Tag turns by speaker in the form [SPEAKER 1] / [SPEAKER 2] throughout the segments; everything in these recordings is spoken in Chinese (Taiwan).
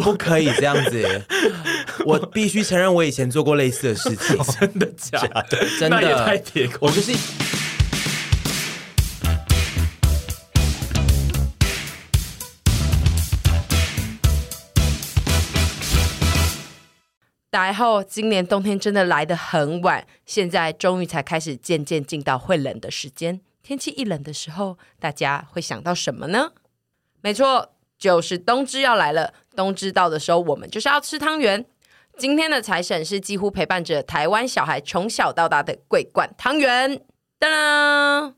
[SPEAKER 1] 不可以這樣子！我必須承認，我以前做過類似的事情， 哦、真的假的？真的太鐵
[SPEAKER 2] 口，我就是。
[SPEAKER 3] 然 後，今年冬天真的來得很晚，現在終於才開始漸漸進到會冷的時間。天氣一冷的時候，大家會想到什麼呢？沒錯，就是冬至要來了。冬至到的時候，我們就是要吃湯圓。今天的財沈是幾乎陪伴着台灣小孩從小到大的桂冠湯圓。當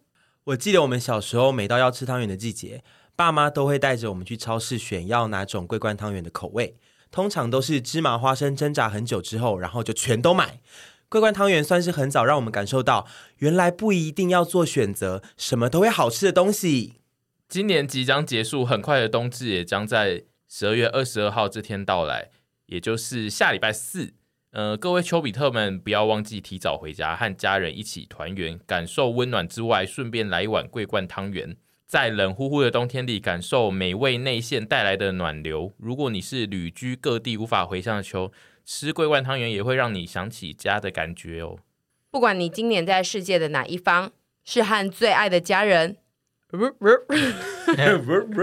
[SPEAKER 1] 我記得我們小時候每到要吃湯圓的季節，爸媽都會帶着我們去超市選要哪種桂冠湯圓的口味。通常都是芝麻、花生掙扎很久之後，然後就全都買。桂冠湯圓算是很早讓我們感受到，原來不一定要做選擇，什麼都會好吃的
[SPEAKER 2] 東西。今年即將結束，很快的冬至也將在十二月二十二號這天到來，也就是下禮拜四。呃，各位邱比特們，不要忘記提早回家，和家人一起團圓，感受溫暖之外，順便來一碗桂冠湯圓，在冷乎乎的冬天裡，感受美味內餡帶來的暖流。如果你是旅居各地無法回鄉的邱，吃桂冠湯圓也會讓你想起家的感覺
[SPEAKER 3] 哦。不管你今年在世界的哪一方，是和最愛的家人。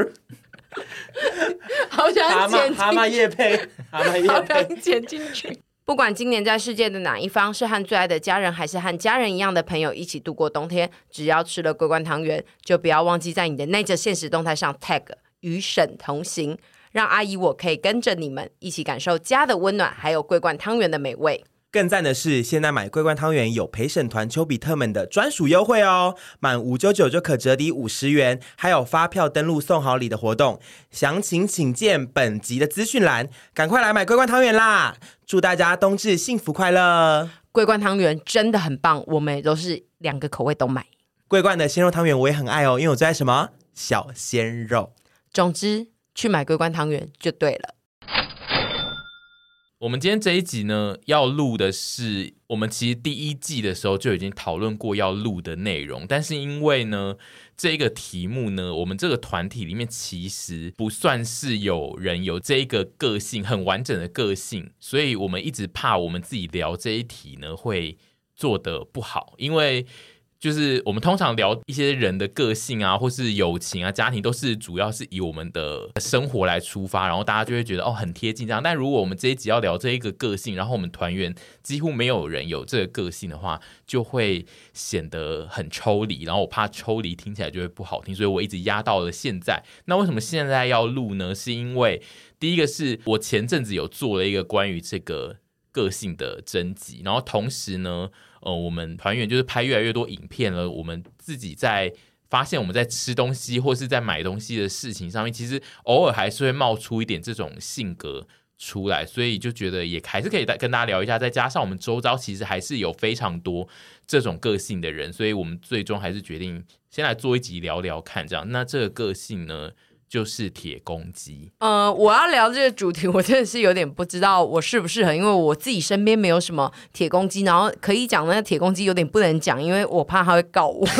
[SPEAKER 3] 好想撿撿， 蛤蟆業配，蛤蟆業配 不管今年在世界的哪一方，是和最愛的家人，還是和家人一樣的朋友一起度過冬天，只要吃了桂冠湯圓，就不要忘記在你的內在現實動態上 tag 與沈同行，讓阿姨我可以跟着你們一起感受家的溫暖，還有桂冠湯圓的美味。
[SPEAKER 1] 更讚的是，現在買桂冠湯圓有陪沈團邱比特們的專屬優惠哦，滿五九九就可折抵五十元，還有發票登錄送好禮的活動，詳情請見本集的資
[SPEAKER 3] 訊欄，趕快來買桂冠湯圓啦！祝大家冬至幸福快樂！桂冠湯圓真的很棒，我們都是兩個口味都買。
[SPEAKER 1] 桂冠的鮮肉湯圓我也很愛哦，因為我
[SPEAKER 2] 最愛什麼？小鮮肉。
[SPEAKER 3] 總之，去買桂冠湯圓就對了。
[SPEAKER 2] 我們今天這一集呢，要錄的是我們其實第一季的時候就已經討論過要錄的內容，但是因為呢，這個題目呢，我們這個團體裡面其實不算是有人有這一個個性很完整的個性，所以我們一直怕我們自己聊這一題呢會做得不好，因為。就是我們通常聊一些人的個性啊，或是友情啊、家庭，都是主要是以我們的生活來出發，然後大家就會覺得哦，很貼近這樣。但如果我們這一集要聊這一個個性，然後我們團員幾乎沒有人有這個個性的話，就會顯得很抽離。然後我怕抽離聽起來就會不好聽，所以我一直壓到了現在。那為什麼現在要錄呢？是因為第一個是我前陣子有做了一個關於這個個性的徵集，然後同時呢。呃，我們團員就是拍越來越多影片了。我們自己在發現我們在吃東西或是在買東西的事情上面，其實偶爾還是會冒出一點這種性格出來，所以就覺得也還是可以跟大家聊一下。再加上我們周遭其實還是有非常多這種個性的人，所以我們最終還是決定先來做一集聊聊看，這樣。那這個個性呢？就是鐵公雞。
[SPEAKER 3] 嗯、呃，我要聊這個主題，我真的是有點不知道我適不適合，因為我自己身邊沒有什麼鐵公雞，然後可以講那個鐵公雞有點不能講，因為我怕他會告我。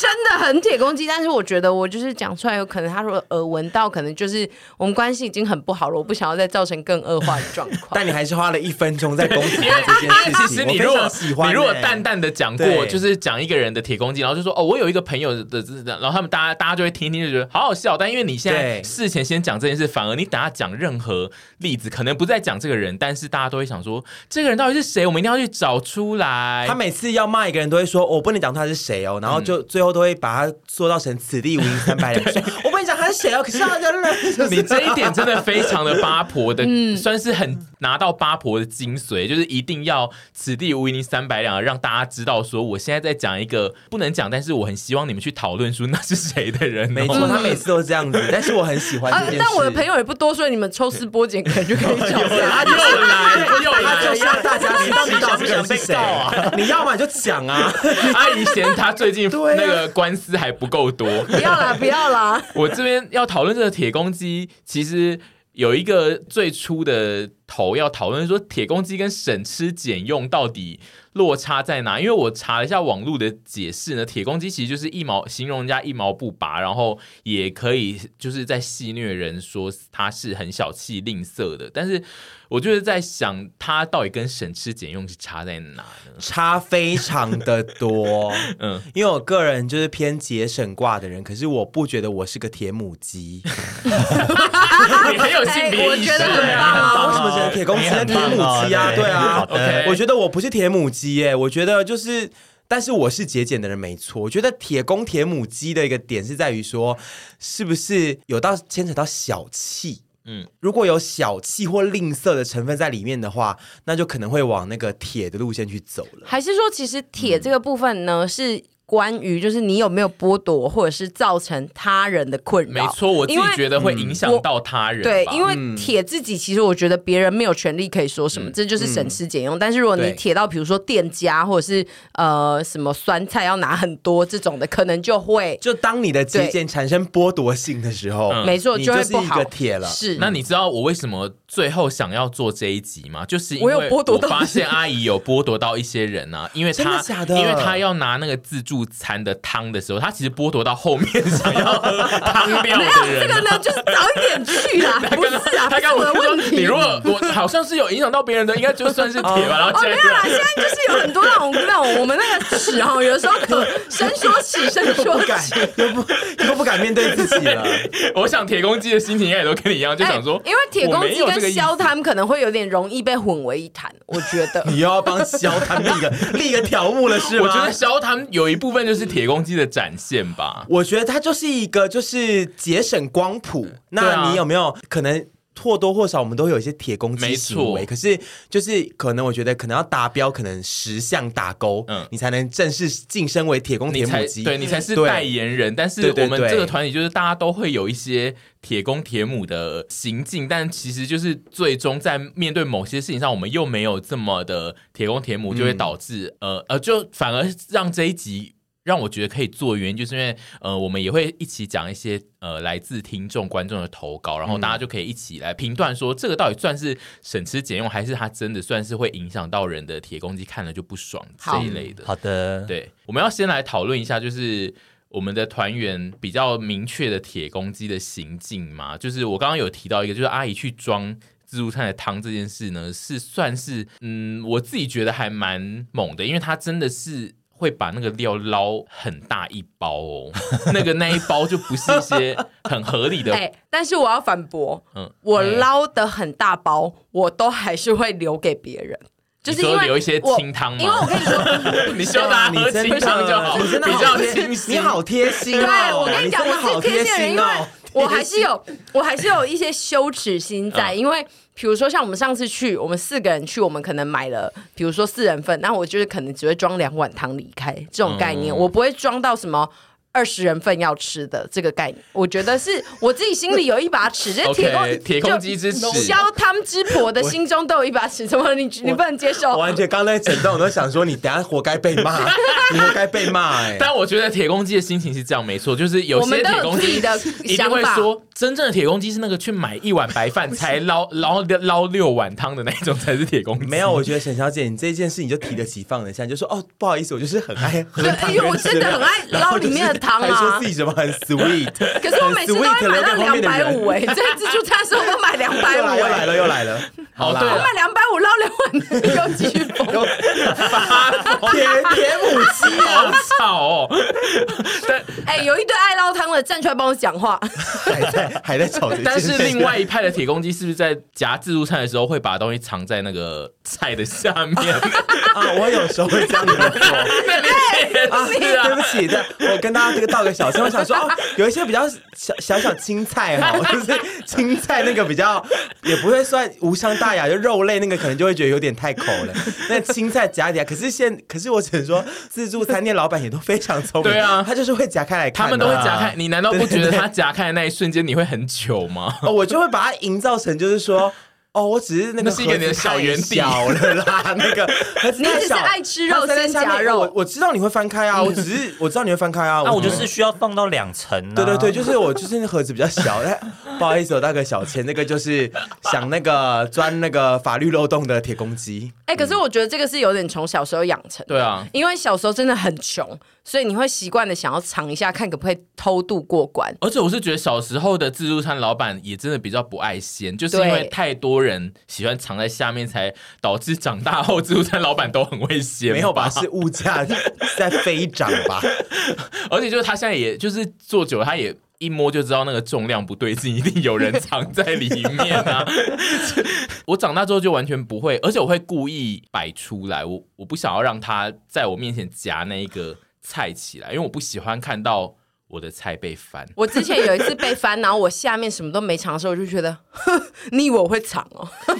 [SPEAKER 3] 真的很鐵公雞，但是我覺得我就是講出來，有可能他說耳聞到，可能就是我們關係已經很不好了。我不想要再造成更惡化的狀況。 但你還是花了一分鐘在攻擊這件事情。 其實你如果喜歡、欸，你如果淡
[SPEAKER 2] 淡的講過，就是講一個人的鐵公雞，然後就說哦，我有一個朋友的這樣，然後他們大家大家就會聽聽就覺得好好笑。但因為你現在事前先講這件事，反而你等下講任何例子，可能不再講這個人，但是大家都會想說這個人到底是誰？我們一定要去找出來。他每次要罵一個人都會說，我、哦、不能講他是誰哦，然後就最後。都會把它塑造成此地無銀三百兩。
[SPEAKER 1] 我跟你講。誰啊？可是大家亂。你這一點真的非常的八
[SPEAKER 2] 婆的， 嗯、算是很拿到八婆的精髓，就是一定要此地無銀三百兩，讓大家知道說，我現在在講一個不能講，但是我很希望你們去討論，說那是誰的人。喔。沒錯， 他每次都這樣子，但是我很喜歡你啊。但我的朋
[SPEAKER 3] 友也不多，所以你們抽絲剝繭，肯 定 就可以找到。他又來，又來，又來， 又難 大家 你到底想不知道是想被誰 誰啊？
[SPEAKER 2] 你要嘛就講啊。阿姨嫌他最近那個官司還不夠多。 不要啦，不要啦， 我這邊。要討論這個鐵公雞，其實有一個最初的。頭要討論說鐵公雞跟省吃儉用到底落差在哪？因為我查了一下網絡的解釋呢，鐵公雞其實就是一毛，形容人家一毛不拔，然後也可以就是在戲謔人說他是很小氣吝嗇的。但是我就是在想，他到底跟省吃儉用是差在哪呢？差非常的多， 嗯，因為我
[SPEAKER 1] 個人就是偏節省掛的人，可是我不覺得我是個鐵母雞， 很有性別意識，對、欸、啊。 鐵公雞、鐵母雞啊，哦、對，對啊，okay. 我覺得我不是鐵母雞耶、欸，我覺得就是，但是我是節儉的人沒錯。我覺得鐵公、鐵母雞的一個點是在於說，是不是有到牽扯到小氣？嗯，如果有小氣或吝嗇的成分在裡面的話，那就可能會往那個鐵的路線去走
[SPEAKER 3] 了。還是說，其實鐵這個部分呢、嗯、是？關於就是你有沒有剝奪或者是造成他人的困擾？沒錯，我自己覺得會影
[SPEAKER 2] 響到他人、嗯。對，因為鐵
[SPEAKER 3] 自己其實我覺得別人沒有權利可以說什麼，嗯、這就是省吃儉用、嗯。但是如果你鐵到比如說店家或者是呃什麼酸菜要拿很多這種的，可能就會就
[SPEAKER 1] 當你的節儉產生剝奪性的時候，嗯、沒錯，你就是一個鐵了。是，
[SPEAKER 2] 那你知道我為什麼？最後想要做這一集嘛，就是因為我發現阿姨有剝奪到一些人啊，因為他因為他要拿那個自助餐的湯的時候，他其實剝奪到後面想要喝湯的人、啊。不要，不要，不就是早一點去啦！ 不是啦、啊，他跟我的問題剛剛我說說你，如果我好像是有影響到別人的，應該就算是鐵吧。 然後、啊哦哦、沒有啦，現在就是有很多那種那種 我們那個恥哈、喔，有的時候可伸縮起伸縮感， 又不又不敢面對自己了。 我想鐵公雞的心情應該也都跟你一樣，就想說，欸、因為鐵公雞跟消
[SPEAKER 3] 碳可能會有點容易被混為一談，我覺得 你又要幫
[SPEAKER 2] 消碳立個 立個條目了是嗎？我覺得消碳有一部分就是鐵公雞的展現吧。
[SPEAKER 1] 我覺得它就是一個就是節省光譜，嗯，那你有沒有可能？或多或少，我們都會有一些鐵公雞行為。可是，就是可能，我覺得可能要達標，可能十項打勾，嗯，你才能正式晉升為鐵公鐵母雞。對，你才是代言
[SPEAKER 2] 人。但是我們這個團體就是大家都會有一些鐵公鐵母的行徑，嗯，但其實就是最終在面對某些事情上，我們又沒有這麼的鐵公鐵母，就會導致呃、嗯、呃，就反而讓這一集。讓我覺得可以做原因，就是因為呃，我們也會一起講一些呃來自聽眾、觀眾的投稿，然後大家就可以一起來評斷說，說、嗯、這個到底算是省吃儉用，還是它真的算是會影響到人的鐵公雞，看了就不爽這一類的。好的，對，我們要先來討論一下，就是我們的團員比較明確的鐵公雞的行徑嘛。就是我剛剛有提到一個，就是阿姨去裝自助餐的湯這件事呢，是算是嗯，我自己覺得還蠻猛的，因為它真的是。會把那個料撈很大一包哦，那個那一包就不是一些很合理的。 哎，
[SPEAKER 3] 但是我要反駁，嗯，
[SPEAKER 2] 我撈
[SPEAKER 3] 的很大包，我都還是會留給別人，嗯，就是因為留一些
[SPEAKER 2] 清湯，因為我跟你說， 嗯、你希望大家喝清湯就好，啊、比較貼心，心，你好貼心。對，我跟你講，哦、我好貼心人，因為
[SPEAKER 3] 我還是有，我還是有一些羞恥心在，嗯，因為。比如說，像我們上次去，我們四個人去，我們可能買了，比如說四人份，那我就是可能只會裝兩碗湯離開，這種概念，嗯、我不會裝到什麼。二十人份要吃的這個概念，我覺得是我自己心裡有一把尺， 這鐵公 okay, 鐵公雞之尺，撈湯之婆的心中都有一把尺，怎麼你你不能接受？ 我, 我完
[SPEAKER 1] 全剛在整頓，我都想說你等下活該被罵，活 該被罵，
[SPEAKER 2] 欸。哎，但我覺得鐵公雞的心情是這樣，沒錯，就是有些鐵公雞一定會說，真正的鐵公雞是那個去買一碗白飯才撈撈撈六碗湯的那種才是鐵公雞。 沒有，我覺得
[SPEAKER 1] 沈小姐你這件事你就提得起放得下，就說哦不好意思，我就是很愛喝湯， 因為我真的很愛撈裡面的湯。 他說自己怎麼很 sweet， 可是我每次都在買到兩百五哎，在
[SPEAKER 3] 自助餐的時候我都買兩百五，又來,又來了又
[SPEAKER 2] 來了，好啦，我買
[SPEAKER 3] 兩百五撈兩碗，
[SPEAKER 2] 又
[SPEAKER 3] 繼續發鐵鐵 母雞啊吵，哎、喔 欸，有一堆愛撈湯的站出來幫我講話 還，還
[SPEAKER 1] 在還在
[SPEAKER 3] 吵，
[SPEAKER 2] 但是另外一派的鐵公雞是不是在夾自助餐的時候會把東西藏在那個菜的下面 啊？我有時候會這樣子做、欸欸啊，對不起，對
[SPEAKER 1] 不起，我跟他。 這個道個小聲，我想說哦，有一些比較小小小青菜哈，就是青菜那個比較也不會算無傷大雅，就肉類那個可能就會覺得有點太摳了。那青菜夾底下，可是現可是我只能說，自助餐店老板也都非常聰明，對啊，他就是會夾開來看，啊，他們都會夾開。你難道不覺得他
[SPEAKER 2] 夾開的那一瞬間你會很糗嗎？
[SPEAKER 1] 我就會把它營造成就是說。哦，我只是那個盒子太小了啦，那個你也 是愛吃肉三下，下夾肉我。我我知道你會翻開啊，嗯、我只是我知道你會翻開啊，那、嗯我，我，啊 我，啊、我就是需要放到兩層、啊。嗯、對對對，就是我就是那盒子比較小，哎， 不好意思，我大個小錢那個就是。 想那個鑽那個法律漏洞的鐵公雞，
[SPEAKER 3] 哎、欸，可是我覺得這個是有點從小時候養成。對啊，因為小時候真的很窮，所以你會習慣的想要藏一下，看可不可以偷渡過關。
[SPEAKER 2] 而且我是覺得小時候的自助餐老闆也真的比較不愛掀，就是因為太多人喜歡藏在下面，才導致長大後自助餐老闆都很會掀。沒有吧？是物價在
[SPEAKER 1] 飛漲吧？
[SPEAKER 2] 而且就是他現在，也就是做久了，他也。一摸就知道那個重量不對勁，一定有人藏在裡面啊！ 我長大之後就完全不會，而且我會故意擺出來，我我不想要讓他在我面前夾那一個菜起來，因為我不喜歡看到我的菜被翻。我
[SPEAKER 3] 之前有一次被翻，然後我下面什麼都沒藏的時候我就覺得，呵，你以為我會藏哦？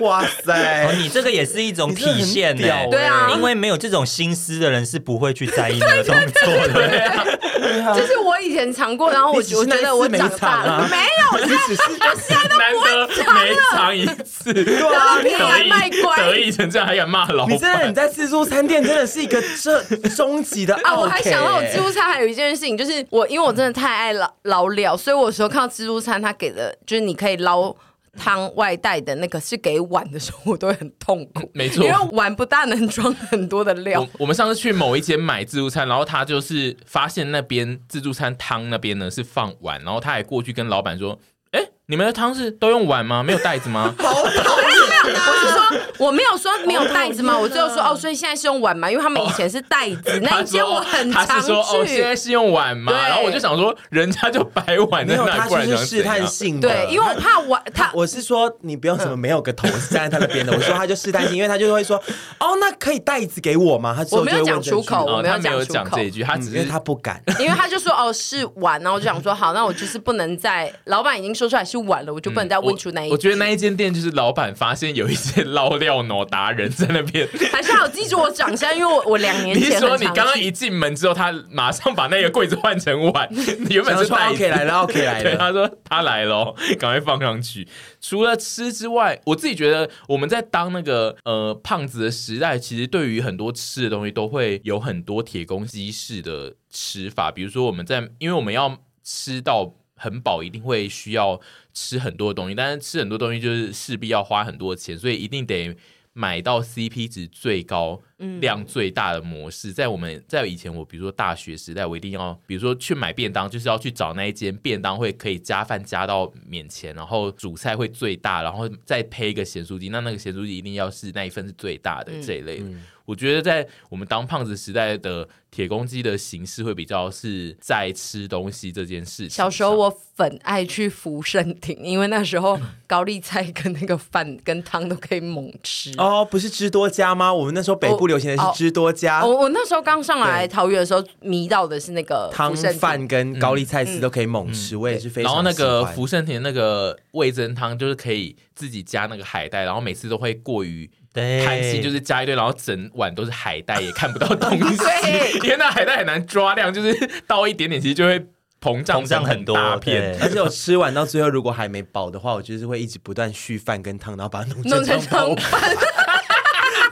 [SPEAKER 2] 哇塞、哦！
[SPEAKER 4] 你這個也是一種體現的，對啊，因為沒有這種心思的人是不會去在意這個動作的 對對
[SPEAKER 3] 對對對、啊對啊。就是我以前嘗過，然後我我覺得我長大了，沒，、啊、
[SPEAKER 5] 沒有，這樣
[SPEAKER 2] 我現在都不會嘗了。
[SPEAKER 3] 沒嘗一次，你
[SPEAKER 1] 太
[SPEAKER 2] 乖，得意成這樣還敢罵老闆？你
[SPEAKER 1] 真的你在自助餐店真的是一個這終極的奧客，欸、啊！我還想到我自助
[SPEAKER 3] 餐還有一件事情，就是我因為我真的太愛老撈料，所以我有時候看到自助餐，他給的就是你可以撈。湯外帶的那個是給碗的時候，我都會很痛苦。嗯、沒錯，因為碗不大能裝很多的料。我，
[SPEAKER 2] 我們上次去某一間買自助餐，然後他就是發現那邊自助餐湯那邊呢是放碗，然後他還過去跟老闆說：“哎、欸，你們的湯是都用碗嗎？沒有袋子嗎？”
[SPEAKER 5] 好。 我是說，
[SPEAKER 3] 我沒有說沒有袋子嗎？Oh, 我最後說哦，所以現在是用碗嗎，因為他們以前是袋子，oh, 那一間我很常去，他說他是，說哦、現在
[SPEAKER 2] 是用碗嗎？然後我就想說，人家就擺碗那，然後他就是試
[SPEAKER 1] 探性的，嗯，對，因為
[SPEAKER 3] 我怕碗，他，啊，我
[SPEAKER 1] 是說你不要什麼，沒有個頭，嗯，站在他的邊的，我說他就試探性，因為他就會說哦，那可以袋子給我嗎？他我沒有講出口，我沒有講
[SPEAKER 3] 出口，這
[SPEAKER 2] 一句他只是他不敢，
[SPEAKER 3] 因為他就說哦是碗，然後我就想說好，那我就是不能再， 老闆已經說出來是碗了，我就不能再問出那一句，嗯我，我
[SPEAKER 2] 覺得那一間店就是老闆發現。有一些老料腦達人在那邊，
[SPEAKER 3] 還是好記住我長相，因為我我兩年前。你是說你剛剛
[SPEAKER 2] 一進門之後，他馬上把那個櫃子換成碗？原本是帶 OK 來了，OK 來了」？他說他來了，哦，趕快放上去。除了吃之外，我自己覺得我們在當那個呃胖子的時代，其實對於很多吃的東西都會有很多鐵公雞式的吃法，比如說我們在因為我們要吃到。很飽，一定會需要吃很多東西，但是吃很多東西就是勢必要花很多錢，所以一定得買到 CP 值最高、嗯、量最大的模式。在我們在以前，我比如說大學時代，我一定要比如說去買便當，就是要去找那一間便當會可以加飯加到免錢，然後主菜會最大，然後再配一個鹹酥雞，那那個鹹酥雞一定要是那一份是最大的、嗯、這一類。嗯我覺得在我們當胖子時代的鐵公雞的形式會比較是在吃東西這件事情。小
[SPEAKER 3] 時候我很愛去福盛亭，因為那時候高麗菜跟那個飯跟湯都可以猛吃。哦，
[SPEAKER 1] 不是知多家嗎？我們那時候北部流行的是知多家。我、哦哦、
[SPEAKER 3] 我那時候剛上來桃園的時候迷到的是那個湯飯
[SPEAKER 1] 跟高麗菜絲都可以猛吃、嗯嗯，我也是非常喜歡。然後那個福
[SPEAKER 2] 盛亭那個味噌湯就是可以自己加那個海帶，然後每次都會過於。開心就是加一堆，然後整碗都是海帶，也看不到東西， 因為那海帶很難抓量，就是倒一點點，其實就會膨脹膨脹很多很大片。而且我吃完
[SPEAKER 1] 到最後，如果還沒飽的話，我就是會一直不斷續飯跟湯，然後把它弄弄成 湯飯，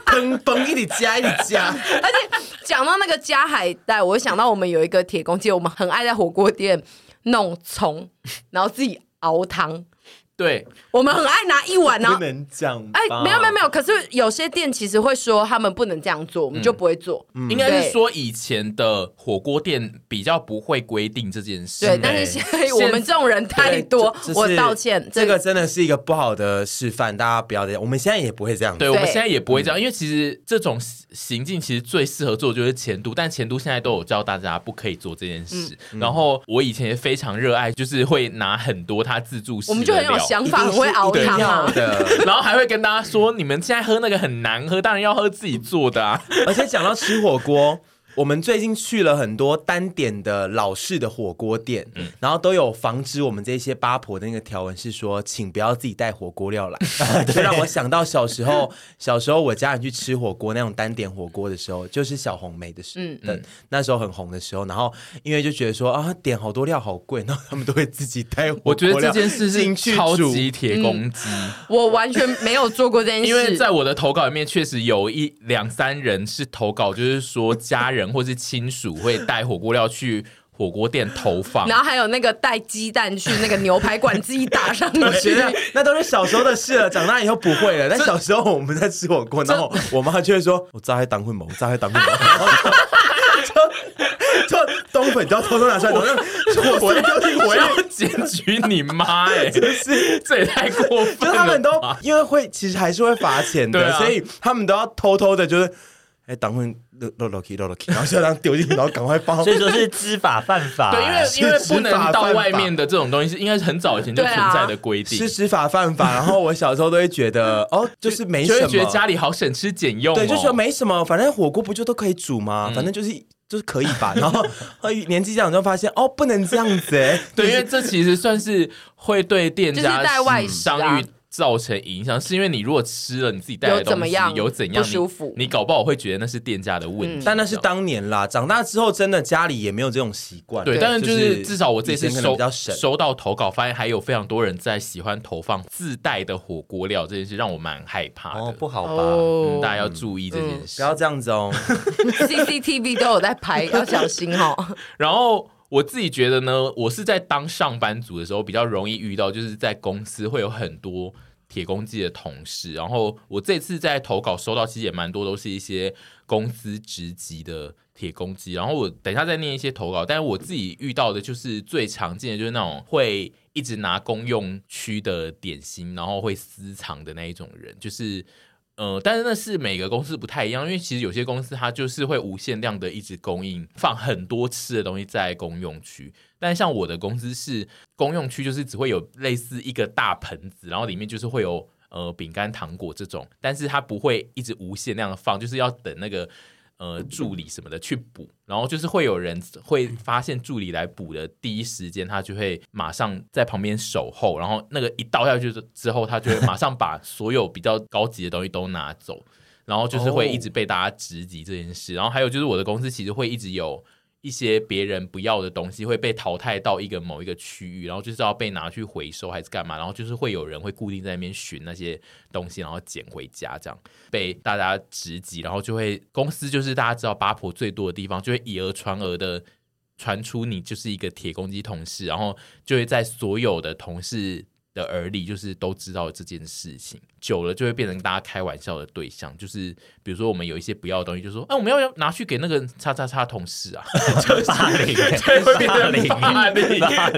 [SPEAKER 1] 嘣嘣一直加一加。而 且
[SPEAKER 3] 講到那個加海帶，我想到我們有一個鐵公雞，我們很愛在火鍋店弄蔥，然後自己熬湯。對我們很愛拿一碗呢、啊，不能
[SPEAKER 2] 這樣。哎，沒有沒有沒
[SPEAKER 3] 有，可是有些店其實會說他們不能這樣做，我們就不會做。嗯嗯、應該是說
[SPEAKER 2] 以前的火鍋店比較不會規定這件事對。對，但是現在我們
[SPEAKER 3] 這種人太多，就是、我道歉。這個
[SPEAKER 1] 真的是一個不好的示範，大家不要再不這樣。我們現在也不會這樣。對，我
[SPEAKER 3] 們現在也不會這樣，
[SPEAKER 2] 因為其實這種行徑其實最適合做就是錢都，但錢都現在都有教大家不可以做這件事。嗯、然後我以前也非常熱愛，就是會拿很多他自助式，我們就很。想法很會熬湯的，然後還會跟大家說，你們現在喝那個很難喝，當然要喝自己做的啊。 而且講到吃火鍋。我們最近去
[SPEAKER 1] 了很多單點的老式的火鍋店，嗯、然後都有防止我們這些八婆的那個條文，是說請不要自己帶火鍋料來。 就讓我想到小時候，小時候我家人去吃火鍋那種單點火鍋的時候，就是小紅梅的時候，嗯，嗯那時候很紅的時候，然後因為就覺得說啊，點好多料好貴，然後他們都會自己帶火鍋料進去煮。我覺得這
[SPEAKER 2] 件事是超級鐵公雞，嗯，
[SPEAKER 3] 我完全沒有做過這件事， 因為在
[SPEAKER 2] 我的投稿裡面確實有一兩三人是投稿，就是說家人。或是親屬會帶火鍋料去火鍋店投放，然
[SPEAKER 3] 後還有那個帶雞蛋去那個牛排館自己打上去，
[SPEAKER 2] 那都是小時候的事了。長大以後不會了。但小時候我們在
[SPEAKER 1] 吃火鍋，然後我媽就會說：“我咋還當混毛？咋還當混毛 ？”就東就冬粉都要偷偷拿出來，我要我要我要
[SPEAKER 2] 檢舉你媽！哎， 真， 就是這也太過分了。就是，他們都
[SPEAKER 1] 因為會其實還是會罰錢的，啊，所以他們都要偷偷的，就是哎，欸，當混。落落去，落落去然後就這樣丟進去，然後趕快包。所以就是
[SPEAKER 2] 知法犯法。對，因為因為不能到外面的這種東西，是應該是很早以前就存在的規定。是知
[SPEAKER 1] 法犯法。然後我小時候都會覺
[SPEAKER 2] 得， 哦，就是沒什麼，就會覺得家裡好省吃儉用、哦。對，就說
[SPEAKER 1] 沒什麼，反正火鍋不就都可以煮嗎？反正就是就是可以吧。 然後年紀長就發現，哦，不能這樣子哎。對，因為這其
[SPEAKER 2] 實算是會對店家是造成影響，是因為你如果吃了你自己帶來的東西有、有怎樣不舒服你，你搞不好會覺得那是店家的問題。嗯，但那是當年啦，長大之後
[SPEAKER 1] 真的家裡也沒有這種習慣。對，對，但是就是、就是、至少我這次收
[SPEAKER 2] 收到投稿，發現還有非常多人在喜歡投放自帶的火鍋料這件事，讓我蠻害怕的。哦，不好吧？Oh. 嗯，大家要注意這件事，嗯、不要這樣子哦。
[SPEAKER 3] CCTV 都有在拍，要小心哦。
[SPEAKER 2] 然後。我自己覺得呢，我是在當上班族的時候比較容易遇到，就是在公司會有很多鐵公雞的同事。然後我這次在投稿收到，其實也蠻多，都是一些公司職級的鐵公雞。然後我等一下再念一些投稿，但是我自己遇到的就是最常見的，就是那種會一直拿公用區的點心，然後會私藏的那一種人，就是。呃，但是那是每個公司不太一樣，因為其實有些公司它就是會無限量的一直供應，放很多吃的東西在公用區。但像我的公司是公用區，就是只會有類似一個大盆子，然後裡面就是會有呃餅乾、糖果這種，但是它不會一直無限量的放，就是要等那個。呃，助理什麼的去補，然後就是會有人會發現助理來補的第一時間，他就會馬上在旁邊守候，然後那個一倒下去之後，他就會馬上把所有比較高級的東西都拿走， 然後就是會一直被大家直擊這件事，然後還有就是我的公司其實會一直有。一些別人不要的東西會被淘汰到一個某一個區域，然後就是要被拿去回收還是幹嘛？然後就是會有人會固定在那邊尋那些東西，然後撿回家這樣被大家直擠，然後就會公司就是大家知道八婆最多的地方，就會以訛傳訛的傳出你就是一個鐵公雞同事，然後就會在所有的同事。的耳裡就是都知道這件事情，久了就會變成大家開玩笑的對象。就是比如說，我們有一些不要的東西，就說“哎、啊，我們要要拿去給那個叉叉叉同事啊，就是霸凌，霸凌，霸凌。霸霸”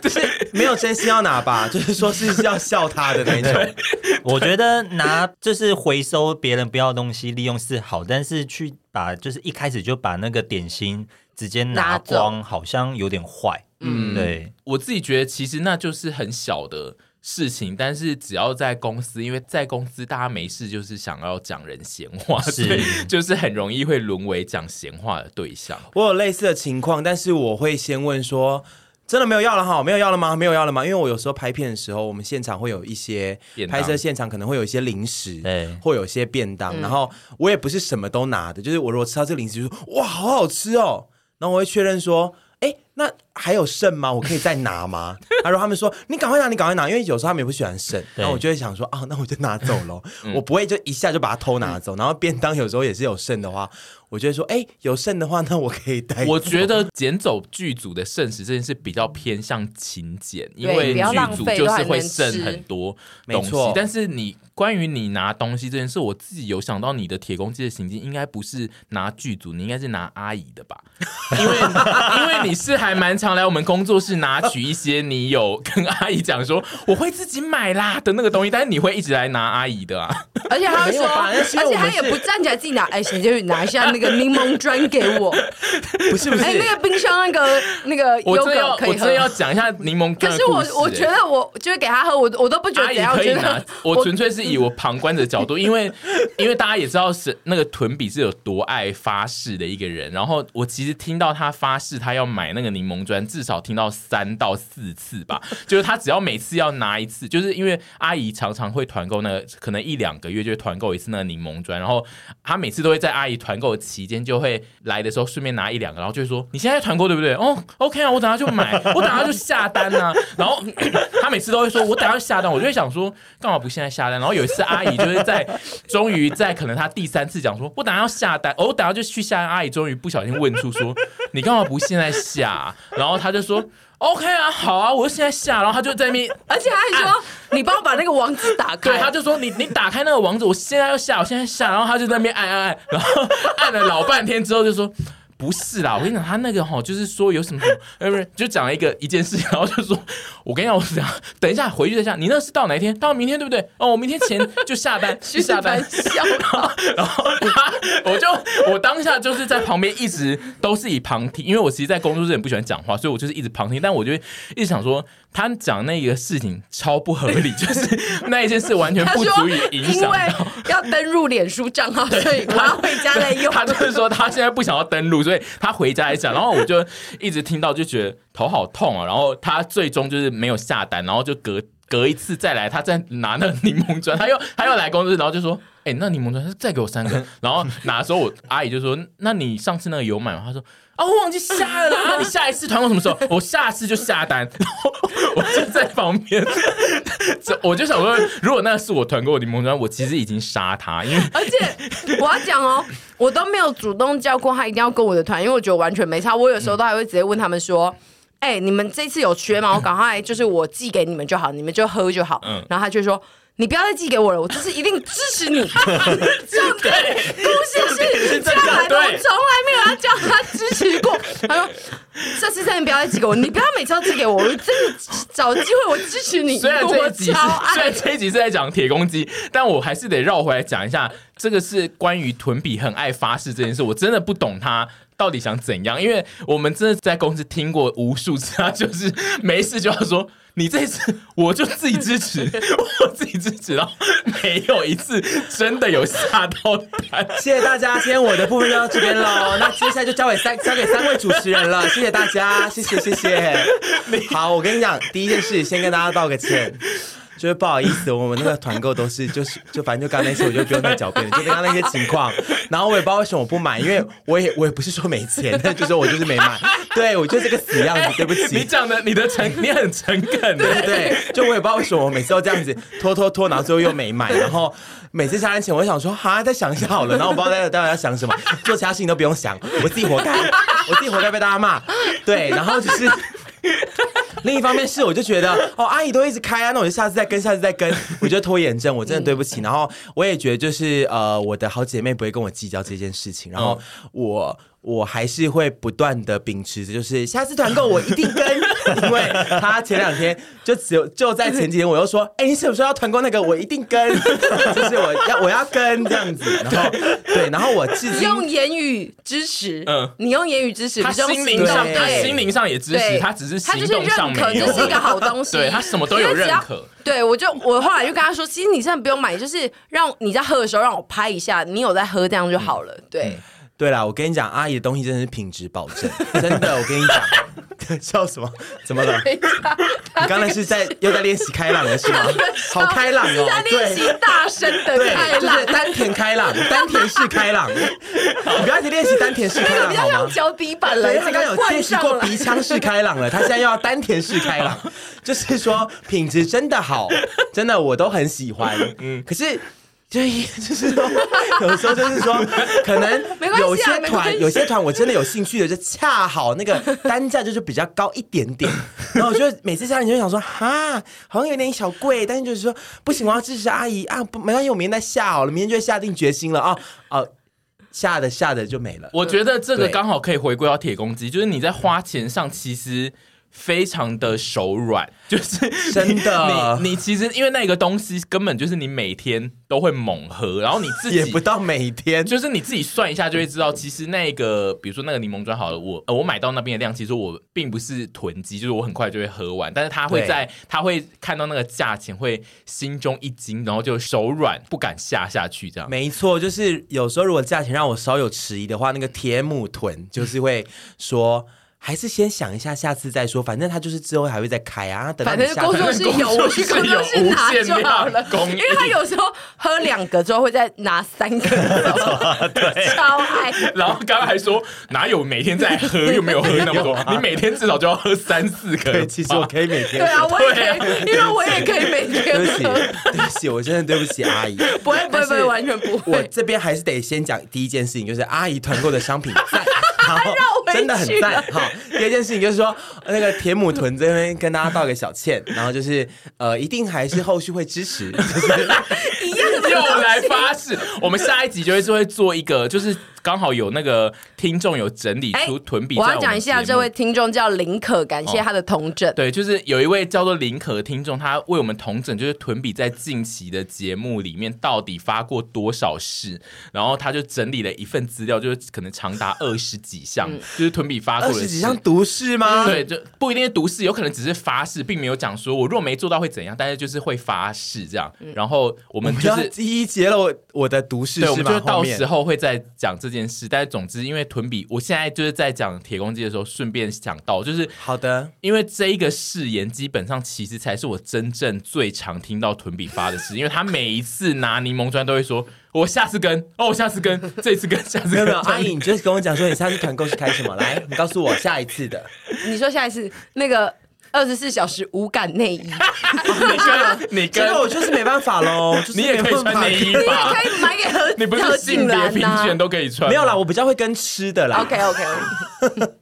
[SPEAKER 2] 就是沒有真
[SPEAKER 1] 心要拿吧，就是說是要笑他的那種。我覺得拿就是
[SPEAKER 4] 回收別人不要的東西利用是好，但是去把就是一開始就把那個點心
[SPEAKER 2] 直接拿光，拿走好像有點壞。嗯，對，我自己覺得其實那就是很小的事情，但是只要在公司，因為在公司大家沒事就是想要講人閒話，是。對，就是很容易會淪為講閒話的對象。
[SPEAKER 1] 我有類似的情況，但是我會先問說，真的沒有要了哈？沒有要了嗎？沒有要了嗎？因為我有時候拍片的時候，我們現場會有一些拍攝現場可能會有一些零食，會有一些便當、嗯，然後我也不是什麼都拿的，就是我如果吃到這個零食就說哇，好好吃哦，然後我會確認說，哎。那還有剩嗎？我可以再拿嗎？他 說他們說你趕快拿，你趕快拿，因為有時候他們也不喜歡剩。然後我就會想說啊，那我就拿走嘍， 我不會就一下就把它偷拿走、嗯。然後便當有時候也是有剩的話，嗯、我就會說哎有剩的話，那我可
[SPEAKER 2] 以帶走。我覺得撿走劇組的剩食這件事比較偏向勤儉，因為劇組就是會剩很多東西沒錯，但是你關於你拿東西這件事，我自己有想到你的鐵公雞的行徑，應該不是拿劇組，你應該是拿阿姨的吧？ 因為因為你是。還蠻常來我們工作室拿取一些你有跟阿姨講說我會自己買啦的那個東西，但是你會一直來拿阿姨的啊，
[SPEAKER 3] 而且他說，而且他也不站起來自己拿， 哎，你就是拿一下那個檸檬磚給我，不是不是，哎，那個冰箱那個那個優格，我真要
[SPEAKER 2] 講一下檸檬、欸、可是我我覺得
[SPEAKER 3] 我就是給他喝，我我都不覺得拿，我覺得我純粹
[SPEAKER 2] 是以我旁觀者的角度，因為、嗯、因為大家也知道是那個豚比是有多愛發誓的一個人，然後我其實聽到他發誓他要買那個。檸檬磚至少聽到三到四次吧，就是他只要每次要拿一次，就是因為阿姨常常會團購那個，可能一兩個月就會團購一次那個檸檬磚，然後他每次都會在阿姨團購期間就會來的時候順便拿一兩個，然後就會說你現在團購對不對？哦，OK 啊，我等下就買，我等下就下單呢、啊。然後咳咳他每次都會說，我等下就下單，我就會想說，幹嘛不現在下單？然後有一次阿姨就是在終於在可能他第三次講說我等下要下單，哦，我等下就去下單。阿姨終於不小心問出說，你幹嘛不現在下？然後他就說：“OK 啊，好啊，我現在下。”然後他就在那邊，而且他還，還說：“你幫我把那個網址打開。”對，他就說：“你你打開那個網址，我現在要下，我現在下。”然後他就在那邊按按按，然後按了老半天之後，就說。不是啦，我跟你講，他那個哈，就是說有什麼，不 是就講了一個一件事情，然後就說，我跟你講，我是這樣，等一下回去再講。你那是到哪一天？到明天對不對？哦，我明天前就下班，單， 下班， 然後，然後他，我就我當下就是在旁邊一直都是以旁聽，因為我其實，在工作室也不喜歡講話，所以我就是一直旁聽，但我就一直想說。他講那一個事情超不合理， 就是那一件事完全不足以影響，因
[SPEAKER 3] 為要登錄臉書賬號， 所以我要回家來用。 他就是
[SPEAKER 2] 說他現在不想要登錄，所以他回家來講。 然後我就一直聽到就覺得頭好痛啊。然後他最終就是沒有下單，然後就隔。隔一次再來，他再拿那個檸檬磚，他又他又來公司，然後就說：“哎、欸，那檸檬磚再給我三個。”然後拿的時候我，我阿姨就說：“那你上次那個有買嗎？”他說：“啊，我忘記下了那然、啊、你下一次團購什麼時候？ 我下次就下單，我就在旁邊。 我就想說，如果那是我團購的檸檬磚，我其實已經殺他，因為而
[SPEAKER 3] 且我要講哦，我都沒有主動叫過他一定要跟我的團，因為我覺得我完全沒差。我有時候都還會直接問他們說。哎、欸，你們這次有缺嗎？我趕快就是我寄給你們就好，你們就喝就好。嗯，然後他就說：“你不要再寄給我了，我這次一定支持你。嗯”哈哈
[SPEAKER 5] 哈哈哈。對，顧先生這樣來，我從
[SPEAKER 3] 來沒有要叫他支持過。 他說：“下次再也不要再寄給我，你不要每次寄給我，我真的找機會我支持你。我”雖然這一集，雖然這
[SPEAKER 2] 一集是在講鐵公雞，但我還是得繞回來講一下，這個是關於豚比很愛發誓這件事，我真的不懂他。到底想怎樣？因為我們真的在公司聽過無數次，他就是沒事就要說，你這次我就自己支持，我自己支持，然後沒有一次真的有下單。謝謝大家，今天我的部分就到這邊嘍。
[SPEAKER 1] 那接下來就交給三交給三位主持人了。謝謝大家，謝謝謝謝。好，我跟你講，第一件事先跟大家道個歉。就是不好意思，我們那個團購都是就是就反正就剛剛那些，我就不用再狡辯了，就剛剛那些情況。然後我也不知道為什麼我不買，因為我也我也不是說沒錢，那就是我就是沒買。對，我就是個死樣子，對不起。哎、你
[SPEAKER 2] 講的你的誠，你很誠懇的，對不
[SPEAKER 1] 對？就我也不知道為什麼我每次都這樣子拖拖拖，然後最後又沒買。然後每次下單前，我想說好、啊，再想一下好了。然後我不知道待會要想什麼、啊，做其他事情都不用想，我自己活該，我自己活該被大家罵。對，然後就是。 另一方面是，我就覺得哦，阿姨都一直開啊，那我就下次再跟，下次再跟。 我覺得拖延症，我真的對不起。 然後我也覺得，就是呃，我的好姐妹不會跟我計較這件事情。嗯。然後我我還是會不斷的秉持着，就是下次團購我一定跟。 因為他前兩天就只有就在前幾天，我又說：“哎、 欸，你什麼時候要團購那個？我一定跟， 就是我要我要跟這樣子。 ”然後 對，對，然後我自己用
[SPEAKER 3] 言語支持，嗯，你用言語支持，他心靈上對心靈上也支持，他只是行動上面就， 就是一個好東西，對，他什麼都有認可。可對我就我後來就跟他說：“其實你現在不用買，就是讓你在喝的時候讓我拍一下，你有在喝這樣就好了。嗯”對。嗯
[SPEAKER 1] 對了，我跟你講，阿姨的東西真的是品質保證，真的，我跟你講，。 笑什麼？怎麼了？你剛才是在又在練習開朗了是嗎？好開朗哦！在練習大聲的開朗對，大聲的開朗，就是丹田開朗，丹田式開朗。 你不要一直練習丹田式開朗， 丹田式
[SPEAKER 4] 開朗 好嗎？你剛剛有練習過鼻腔式開
[SPEAKER 1] 朗了， 他現在又要丹田式開朗，就是說品質真的好，真的我都很喜歡。嗯，可是。對， 就是說，有時候就是說，可能有些團，有些團我真的有興趣的，就恰好那個單價就是比較高一點點， 然後我就每次下來你就想說，啊，好像有點小貴，但是就是說不行，我要支持阿姨啊。不，沒關係，我明天再下好了，明天就下定決心了啊。啊、哦哦，下的下的就沒了。我
[SPEAKER 2] 覺得這個剛好可以回歸到鐵公雞，就是你在花錢上其實。非常的手軟，就是真的。呃、你你其實因為那個東西根本就是你每天都會猛喝，然後你自己也不到每天，就是你自己算一下就會知道。其實那個， 比如說那個檸檬磚好了，我、呃、我買到那邊的量，其實我並不是囤積，就是我很快就會喝完。但是他會在，他會看到那個價錢，會心中一驚，然後就手軟，不敢下下去這樣。沒錯，就是有時
[SPEAKER 1] 候如果價錢讓我稍有
[SPEAKER 2] 遲疑的話，那個鐵母豚就是會
[SPEAKER 1] 說。 還是先想一下，下次再說。反正他就是之後還會再開啊。等反正工作室有，我去工
[SPEAKER 3] 作室拿就好了。因為他有時候喝兩個之後會再拿三個，
[SPEAKER 2] 對，超愛。然後剛剛還說哪有每天在喝，又沒有喝那麼多、 啊。你每天至少就要喝三四個。其實我可以每天，對啊，我也可以，啊、因
[SPEAKER 3] 為我也可以每天喝。對不
[SPEAKER 1] 起。對不起，我真的對不起阿
[SPEAKER 2] 姨。
[SPEAKER 3] 不會不會不會，完全
[SPEAKER 1] 不會。我這邊還是得先講第一件事情，就是阿姨團購的商品。 真的很讚。好，第一件事情就是說， 那個鐵母屯這邊跟大家道個小歉， 然後就是
[SPEAKER 2] 呃，一定還是後續會支持。
[SPEAKER 5] 就是、一樣又來發誓，
[SPEAKER 2] 我們下一集就會會做一個就是。剛好有那個聽眾有整理出豚比，我要講一下這位
[SPEAKER 3] 聽眾叫林可，感謝他的統整。
[SPEAKER 2] 對，就是有一位叫做林可的聽眾，他為我們統整，就是豚比在近期的節目裡面到底發過多少誓。然後他就整理了一份資料，就是可能長達二十幾項，就是豚比發過二十幾項
[SPEAKER 1] 毒誓嗎？對，
[SPEAKER 2] 就不一定是毒誓，有可能只是發誓，並沒有講說我若沒做到會怎樣，但是就是會發誓這樣。然後我們就是
[SPEAKER 1] 第一結了，我的
[SPEAKER 2] 毒誓，我們就是到時候會再講這這件事，但是總之，因為豚比，我現在就是在講鐵公雞的時候，順便想到，就是好的，因為這一個誓言基本上其實才是我真正最常聽到豚比發的誓，因為他每一次拿檸檬磚都會說：“我下次跟哦，我下次跟這次跟下次跟。阿姨，
[SPEAKER 1] 你就是跟我講說你下次團購是開什麼？來，你告訴我下一次的，
[SPEAKER 3] 你說下一次那個。”二十四小時無感內衣， 你跟，
[SPEAKER 1] 你跟我就是沒辦法嘍。 你也可以穿內衣吧？ 你也可以買給
[SPEAKER 2] 你不是
[SPEAKER 3] 性別啊！平 權都
[SPEAKER 1] 可以穿。沒有啦，我比較會跟吃的啦。OK
[SPEAKER 3] OK 好。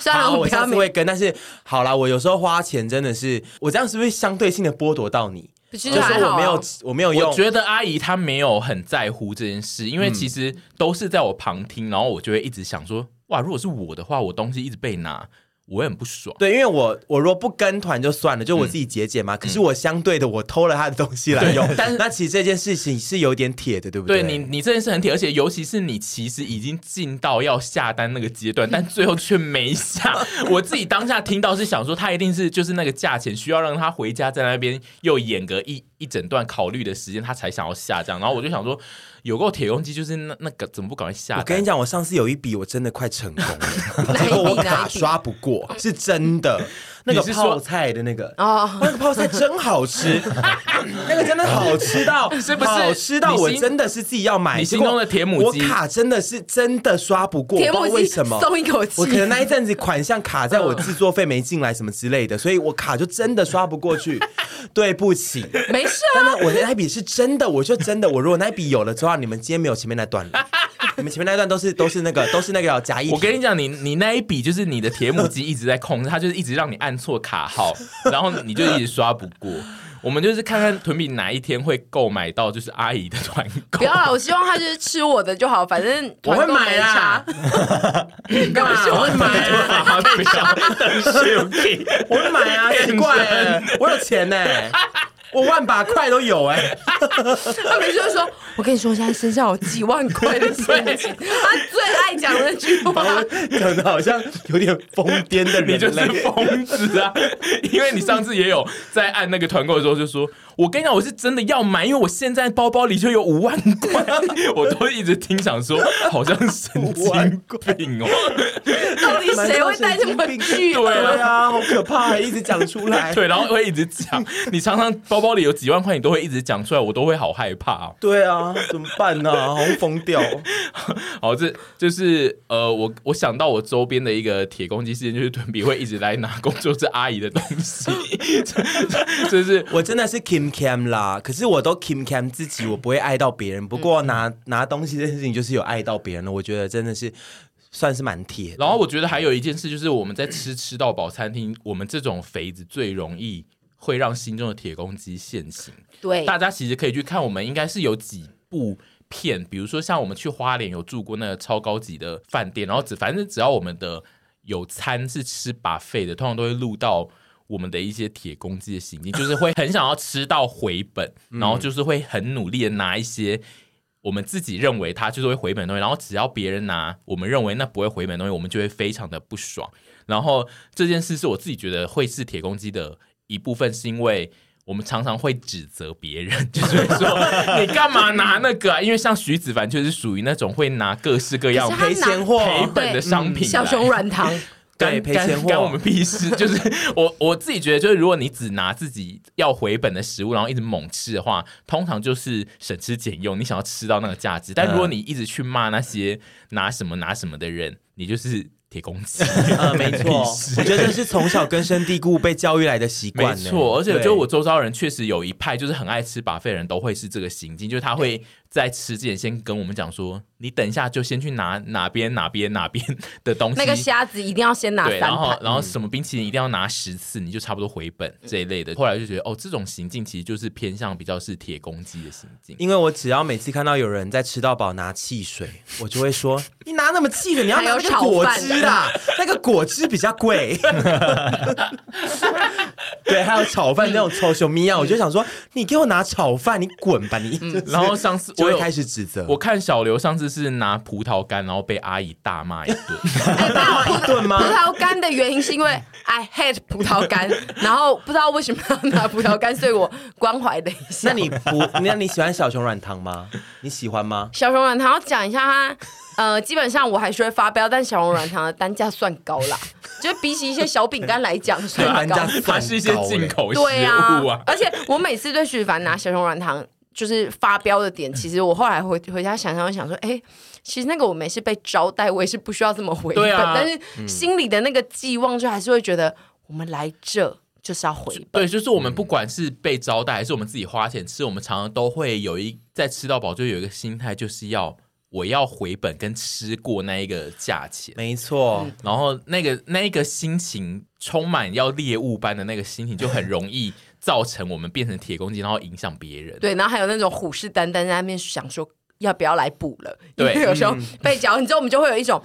[SPEAKER 3] 雖 然我比較不會
[SPEAKER 1] 跟， 但是好啦。我有時候花錢真的是，我這樣是不是相對
[SPEAKER 2] 性的剝奪到你？啊、就是我沒有，我沒有用。我覺得阿姨她沒有很在乎這件事，因為其實都是在我旁聽，然後我就會一直想說，嗯、哇，如果是我的話，我東西一直被拿，我很不爽，對，因為我我若不跟團就算了，就我自己節儉嘛、嗯。可
[SPEAKER 1] 是我相對的、嗯，我偷了他的東西來用，但是那其實這件事情是有點鐵的，對不對？對，你
[SPEAKER 2] 你這件事很鐵，而且尤其是你其實已經進到要下單那個階段，但最後卻沒下。 我自己當下聽到是想說，他一定是就是那個價錢需要讓他回家在那邊又演個一一整段考慮的時間，他才想要下這樣。然後我就想說。有夠鐵公雞，就是那那個，怎麼不搞一下？我跟
[SPEAKER 1] 你講，我上次有一筆，我真的快成功
[SPEAKER 3] 了， 結果我卡刷
[SPEAKER 1] 不過，是真的。 那個泡菜的那個啊，那個泡菜真好吃， 那個真的好吃到是是，好吃到我真的是自己要買。你心，的的你心中的鐵母雞，我卡真的是真的刷不過，我不知道為什麼。鬆一口氣。我可能那一陣子款項卡在我制作費沒進來什麼之類的， 所以我卡就真的刷不過去。 對不起，沒事啊。但我的那一筆是真的，我就真的，我如果那一筆有了之後，你們今天沒有前面那段了。我們前面那段都是都是那個都是那個假意。我
[SPEAKER 2] 跟你講，你你那一筆就是你的鐵母雞一直在控制，他就是一直讓你按錯卡號，然後你就一直刷不過。 我們就是看看豚比哪一天會購買到，就是阿姨的團購。
[SPEAKER 3] 不要了，我希望他就是吃我的就好，反正我會買啦。幹 幹
[SPEAKER 1] 嘛？ 幹嘛 我會買啊！我會買啊！很 怪我有錢呢、欸。 我萬把塊都有哎、
[SPEAKER 3] 欸， 他每次說，我跟你說，我現在身上
[SPEAKER 2] 有幾萬塊的現金。
[SPEAKER 3] 他最愛講那
[SPEAKER 1] 句話，
[SPEAKER 2] 講的好像有點瘋癲的，你就是瘋子啊！ 因為你上次也有在按那個團購的時候就說。我跟你講，我是真的要買，因為我現在包包裡就有五萬塊， 我都一直聽想說，好像神經病哦、喔。 到
[SPEAKER 5] 底誰會帶這麼巨？對啊，好可怕，一
[SPEAKER 1] 直講出來。 對，然
[SPEAKER 2] 後會一直講。你常常包包裡有幾萬塊，你都會一直講出來，我都會好害怕、啊。
[SPEAKER 1] 對啊，怎麼辦呢、啊？好
[SPEAKER 2] 像瘋掉。 好，這就是呃，我我想到我周邊的一個鐵公雞事件，就是豚比會一直來拿工作室阿姨的東西。這、 就
[SPEAKER 1] 是， 我真的是肯。cam 啦，可是我都 k i m cam 自己，我不會愛到別人。不過拿拿
[SPEAKER 2] 東西這件事情，就是有愛到別人了。我覺得真的是算是蠻鐵。然後我覺得還有一件事，就是我們在吃吃到飽餐廳， 我們這種肥子最容易會讓心中的鐵公雞現形。對，大家其實可以去看，我們應該是有幾部片，比如說像我們去花蓮有住過那個超高級的飯店，然後只反正只要我們的有餐是吃 buffet 的，通常都會錄到，我們的一些鐵公雞的行徑，就是會很想要吃到回本，嗯，然後就是會很努力的拿一些我們自己認為它就是會回本的東西，然後只要別人拿我們認為那不會回本的東西，我們就會非常的不爽。然後這件事是我自己覺得會是鐵公雞的一部分，是因為我們常常會指責別人，就是說 你幹嘛拿那個啊？ 因為像徐子凡就是屬於那種會拿各式各樣賠錢貨、賠本的商品，小熊
[SPEAKER 3] 軟糖。 幹賠錢貨對，幹,幹我們屁事！
[SPEAKER 2] 就是我我自己覺得，就是如果你只拿自己要回本的食物，然後一直猛吃的話，通常就是省吃儉用。你想要吃到那個價值，但如果你一直去罵那些拿什麼拿什麼的人，你就是鐵公雞、 呃。沒錯，我覺得這是從小根
[SPEAKER 1] 深蒂固被教育來的習慣。沒錯，而且就我周
[SPEAKER 2] 遭人確實有一派就是很愛吃 buffet，人都會是這個行徑，就是他會。在吃之前，先跟我們講說，你等一下就先去拿哪邊哪邊哪邊的東西。那個蝦
[SPEAKER 3] 子一定要先拿三，然後然後什
[SPEAKER 2] 麼冰淇淋一定要拿十次，你就差不多回本這一類的，嗯。後來就覺得，哦，這種行徑其實就是偏向比較是鐵公雞的行徑。因為我只要每次看到有人在吃到飽拿汽水 我就會說，
[SPEAKER 1] 你拿那麼汽水你要拿果汁，啊，炒飯的， 那個果汁比較貴。 對，還有炒飯，嗯，那種臭小咪啊，嗯，我就想說，你給我拿炒飯你滾吧你，嗯。然後上次。 我也開始指責我。
[SPEAKER 2] 我看小劉上次是拿葡萄乾，然後被阿姨大罵一
[SPEAKER 3] 頓。大罵一頓嗎？ 葡萄乾的原因是因為 I hate 葡萄乾。 然後不知道為什麼要拿葡萄乾 所以我關懷的一
[SPEAKER 1] 下。那你不，那你，你喜歡小熊軟糖嗎？你喜歡嗎？
[SPEAKER 3] 小熊軟糖，我講一下它。呃，基本上我還是會發飆，但小熊軟糖的單價算高啦，就比起一些小餅乾來講 算高。
[SPEAKER 2] 它是一些進口、啊、對呀、啊，
[SPEAKER 3] 而且我每次對徐凡拿小熊軟糖。就是發飆的點，其實我後來回回家想想，我想說，哎，其實那個我們是被招待，我也是不需要這麼回本，對啊、但是心裡的那個期望就還是會覺得，嗯、我們來這就是要回本。對，
[SPEAKER 2] 就是我們不管是被招待，還是我們自己花錢吃，我們常常都會有一在吃到飽，就有一個心態，就是要我要回本跟吃過那一個價錢，沒錯。嗯、然後那個那個心情充滿要獵物般的那個心情，就很容易。嗯造成我們變成鐵公雞，然後影響別人。對，然後還有那種虎
[SPEAKER 3] 視眈眈在那邊想說要不要來補了。對，有時候被叫、嗯，你知道我們就會有一種，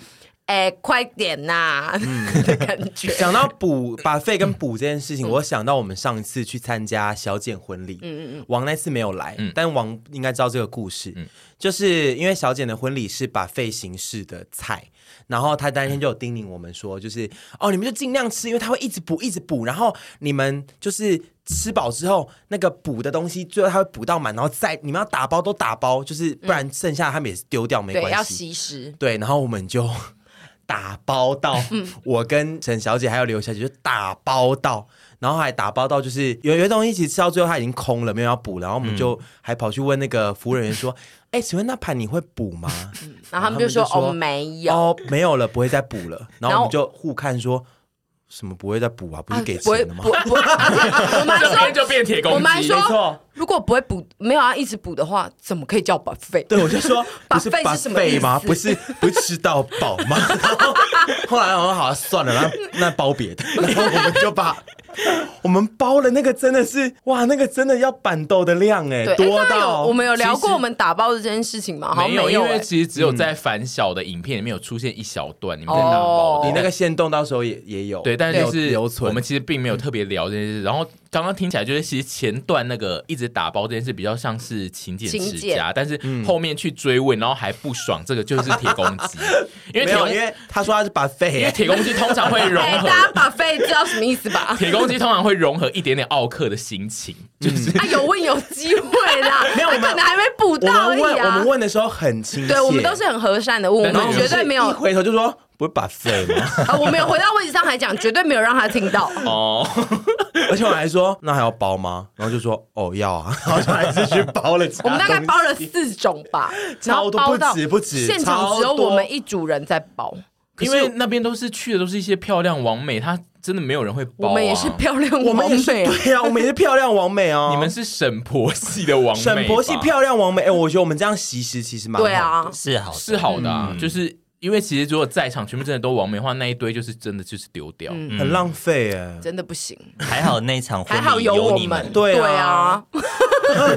[SPEAKER 3] 哎、欸，快點吶、啊嗯、的感
[SPEAKER 1] 覺。講到補 buffet 跟補這件事情、嗯，我想到我們上一次去參加小姐婚禮，嗯嗯王那次沒有來、嗯，但王應該知道這個故事，嗯、就是因為小姐的婚禮是 buffet 形式的菜。然後他當天就有叮嚀我們說，就是哦，你們就盡量吃，因為他會一直補，一直補。然後你們就是吃飽之後，那個補的東西最後他會補到滿，然後再你們要打包都打包，就是不然剩下的他們也是丟掉，嗯，沒關係。對，要食。然後我們就打包到， 我跟沈小姐還有劉小姐就打包到，然後還打包到，就是有有些東西一起吃到最後他已經空了，沒有要補。然後我們就還跑去問那個服務人員說。嗯 哎、欸，請問那盤你會補嗎、嗯
[SPEAKER 3] 然？然後他們就說：“哦，沒有，
[SPEAKER 1] 哦，沒有了，不會再補了。”然後我們就互看說：“什麼不會再補啊？不是給錢的嗎？”
[SPEAKER 3] 啊、 這邊
[SPEAKER 1] 就變鐵公雞
[SPEAKER 3] 如果不會補沒有要、啊、一直補的話，怎麼可以叫 buffet？對，我就說， 不是什 buffet 麼 嗎？不是
[SPEAKER 1] 不吃到飽嗎 後？後來我們好像、啊、算了，那那包別的， 然後我們就把 我們包了那個真的是哇，那個真的要板豆的量哎，多
[SPEAKER 3] 到、欸、我們有聊過我們打包的這件事情嗎？沒有，因為其實
[SPEAKER 2] 只有在繁小的影片裡面有出現一小段、嗯、你們打包的，你那個現動到時候也也有對，但是就是存我們其實並沒有特別聊這件事，然後。剛剛聽起來就是，其實前段那個一直打包這件事比較像是勤儉持家，但是後面去追問，然後還不爽， 這個就是鐵公雞。 因
[SPEAKER 1] 為，因為他說他是 buffet，欸，鐵公雞通常會
[SPEAKER 3] 融合 知道什麼意思吧？鐵公雞通常
[SPEAKER 2] 會融合一點點奧客的心情，就是
[SPEAKER 3] 他、 嗯啊、有問有機會啦，沒 有可能還沒補到呀，啊。 我們
[SPEAKER 1] 問的時候很親切，對，我們都是
[SPEAKER 3] 很和善的問，對對，我們絕對沒有對一回頭就說。
[SPEAKER 1] 不會把廢了
[SPEAKER 3] 啊，我沒有回到位置上還講，絕對沒有讓他聽到。
[SPEAKER 1] 哦， 而且我還說那還要包嗎？然後就說哦要啊，然後就還繼續包了。我們大概包
[SPEAKER 3] 了四種吧，然後包到不止不止，現場只有我們一組人在包，因為
[SPEAKER 2] 那邊都是去的都是一些漂亮王美，他真的沒有人會包、啊。我們也是漂亮王美。美，
[SPEAKER 3] 對啊，我
[SPEAKER 1] 們也是漂亮王美
[SPEAKER 2] 啊。 你們是沈婆系的王美，沈婆系
[SPEAKER 1] 漂亮王美。哎、欸，我覺得我們這樣習食其實蠻好的對，啊
[SPEAKER 3] 是好是好的啊、嗯嗯，
[SPEAKER 2] 就是。因為其實，如果在場全部真的都王美的話，那一堆就是真的就是丟掉，嗯嗯、很浪費哎，
[SPEAKER 3] 真的不行。
[SPEAKER 2] 還好那一場還好有你們，對啊。對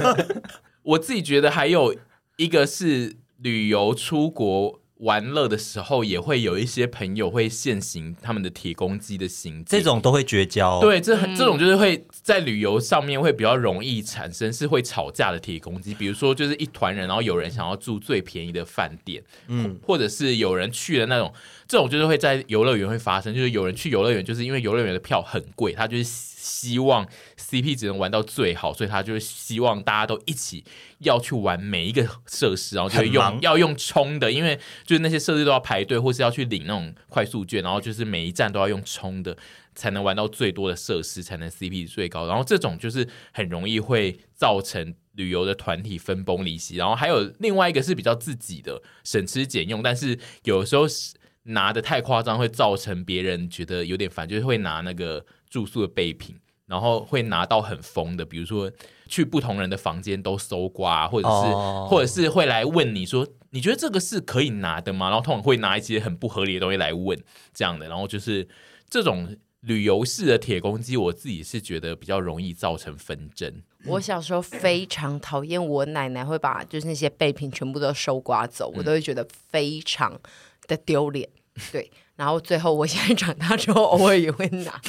[SPEAKER 2] 啊 我自己覺得還有一個是旅遊出國。玩樂的時候，也會有一些朋友會現行他們的鐵公雞的行徑，這種都會絕交。哦。對，這這種就是會在旅遊上面會比較容易產生是會吵架的鐵公雞。比如說，就是一團人，然後有人想要住最便宜的飯店，嗯，或者是有人去的那種，這種就是會在遊樂園會發生。就是有人去遊樂園，就是因為遊樂園的票很貴，他就是希望。CP 只能玩到最好，所以他就是希望大家都一起要去玩每一個設施，然後就會用要用衝的，因為就是那些設施都要排隊或是要去領那種快速券，然後就是每一站都要用衝的，才能玩到最多的設施，才能 CP 最高。然後這種就是很容易會造成旅遊的團體分崩離析。然後還有另外一個是比較自己的省吃儉用，但是有時候拿的太誇張，會造成別人覺得有點煩，就是會拿那個住宿的備品。然後會拿到很瘋的，比如說去不同人的房間都搜刮，或者是、oh. 或者是會來問你說，你覺得這個是可以拿的嗎？然後通常會拿一些很不合理的東西來問這樣的，然後就是這種旅遊式的鐵公雞，我自己是覺得比較容易造成紛爭。
[SPEAKER 3] 我小時候非常討厭我奶奶會把就是那些備品全部都收刮走，我都會覺得非常的丟臉。對，然後最後我現在長大之後偶爾也會拿。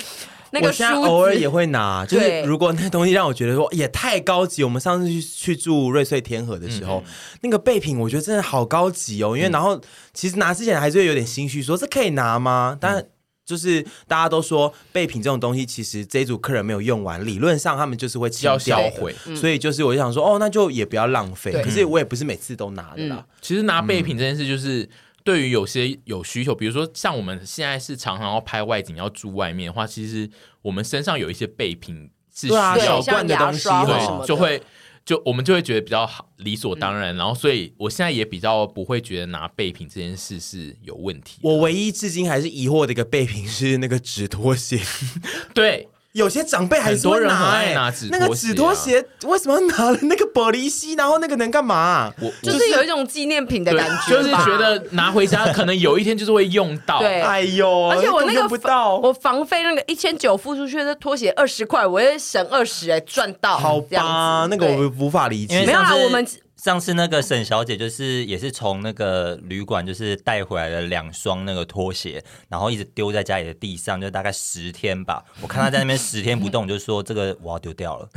[SPEAKER 3] 那個、我現在偶爾也會
[SPEAKER 1] 拿，就是如果那東西讓我覺得說也太高級，我們上次去去住瑞穗天河的時候、嗯，那個備品我覺得真的好高級哦，因為然後其實拿之前還是會有點心虛，說、嗯、這可以拿嗎？但就是大家都說備品這種東西，其實這一組客人沒有用完，理論上他們就是會要銷毀，所以就是我就想說哦，那就也不要浪費，可是我也不是每次都拿的啦，嗯、
[SPEAKER 2] 其實拿備品這件事就是。嗯對於有些有需求，比如說像我們現在是常常要拍外景，要住外面的話，其實我們身上有一些備品是需要換的東西，啊、就會，就，會就我們就會覺得比較好，理所當然。嗯、然後，所以我現在也比較不會覺得拿備品這件事是有問題。我唯一至今還是疑惑的一個備品是那個紙拖鞋，
[SPEAKER 1] 對。有些長輩還是拿，很多人很愛拿紙啊。那個紙拖鞋為什麼拿了那個玻璃吸？然後那個能幹嘛啊？我，就是，我，就是有一種紀念品
[SPEAKER 2] 的感覺，就是覺得拿回家可能有一天就是會用到。 對，哎呦，而且我那個不
[SPEAKER 3] 到。我房費那個一千九付出去，那拖鞋二十塊，我也省二十哎，賺到。好吧，那個我們無法理解。沒有啦，我們。
[SPEAKER 4] 上次那個沈小姐就是也是從那個旅館就是帶回來的兩雙那個拖鞋，然後一直丟在家裡的地上，就大概十天吧。我看她在那邊十天不動，就說這個我要丟掉了。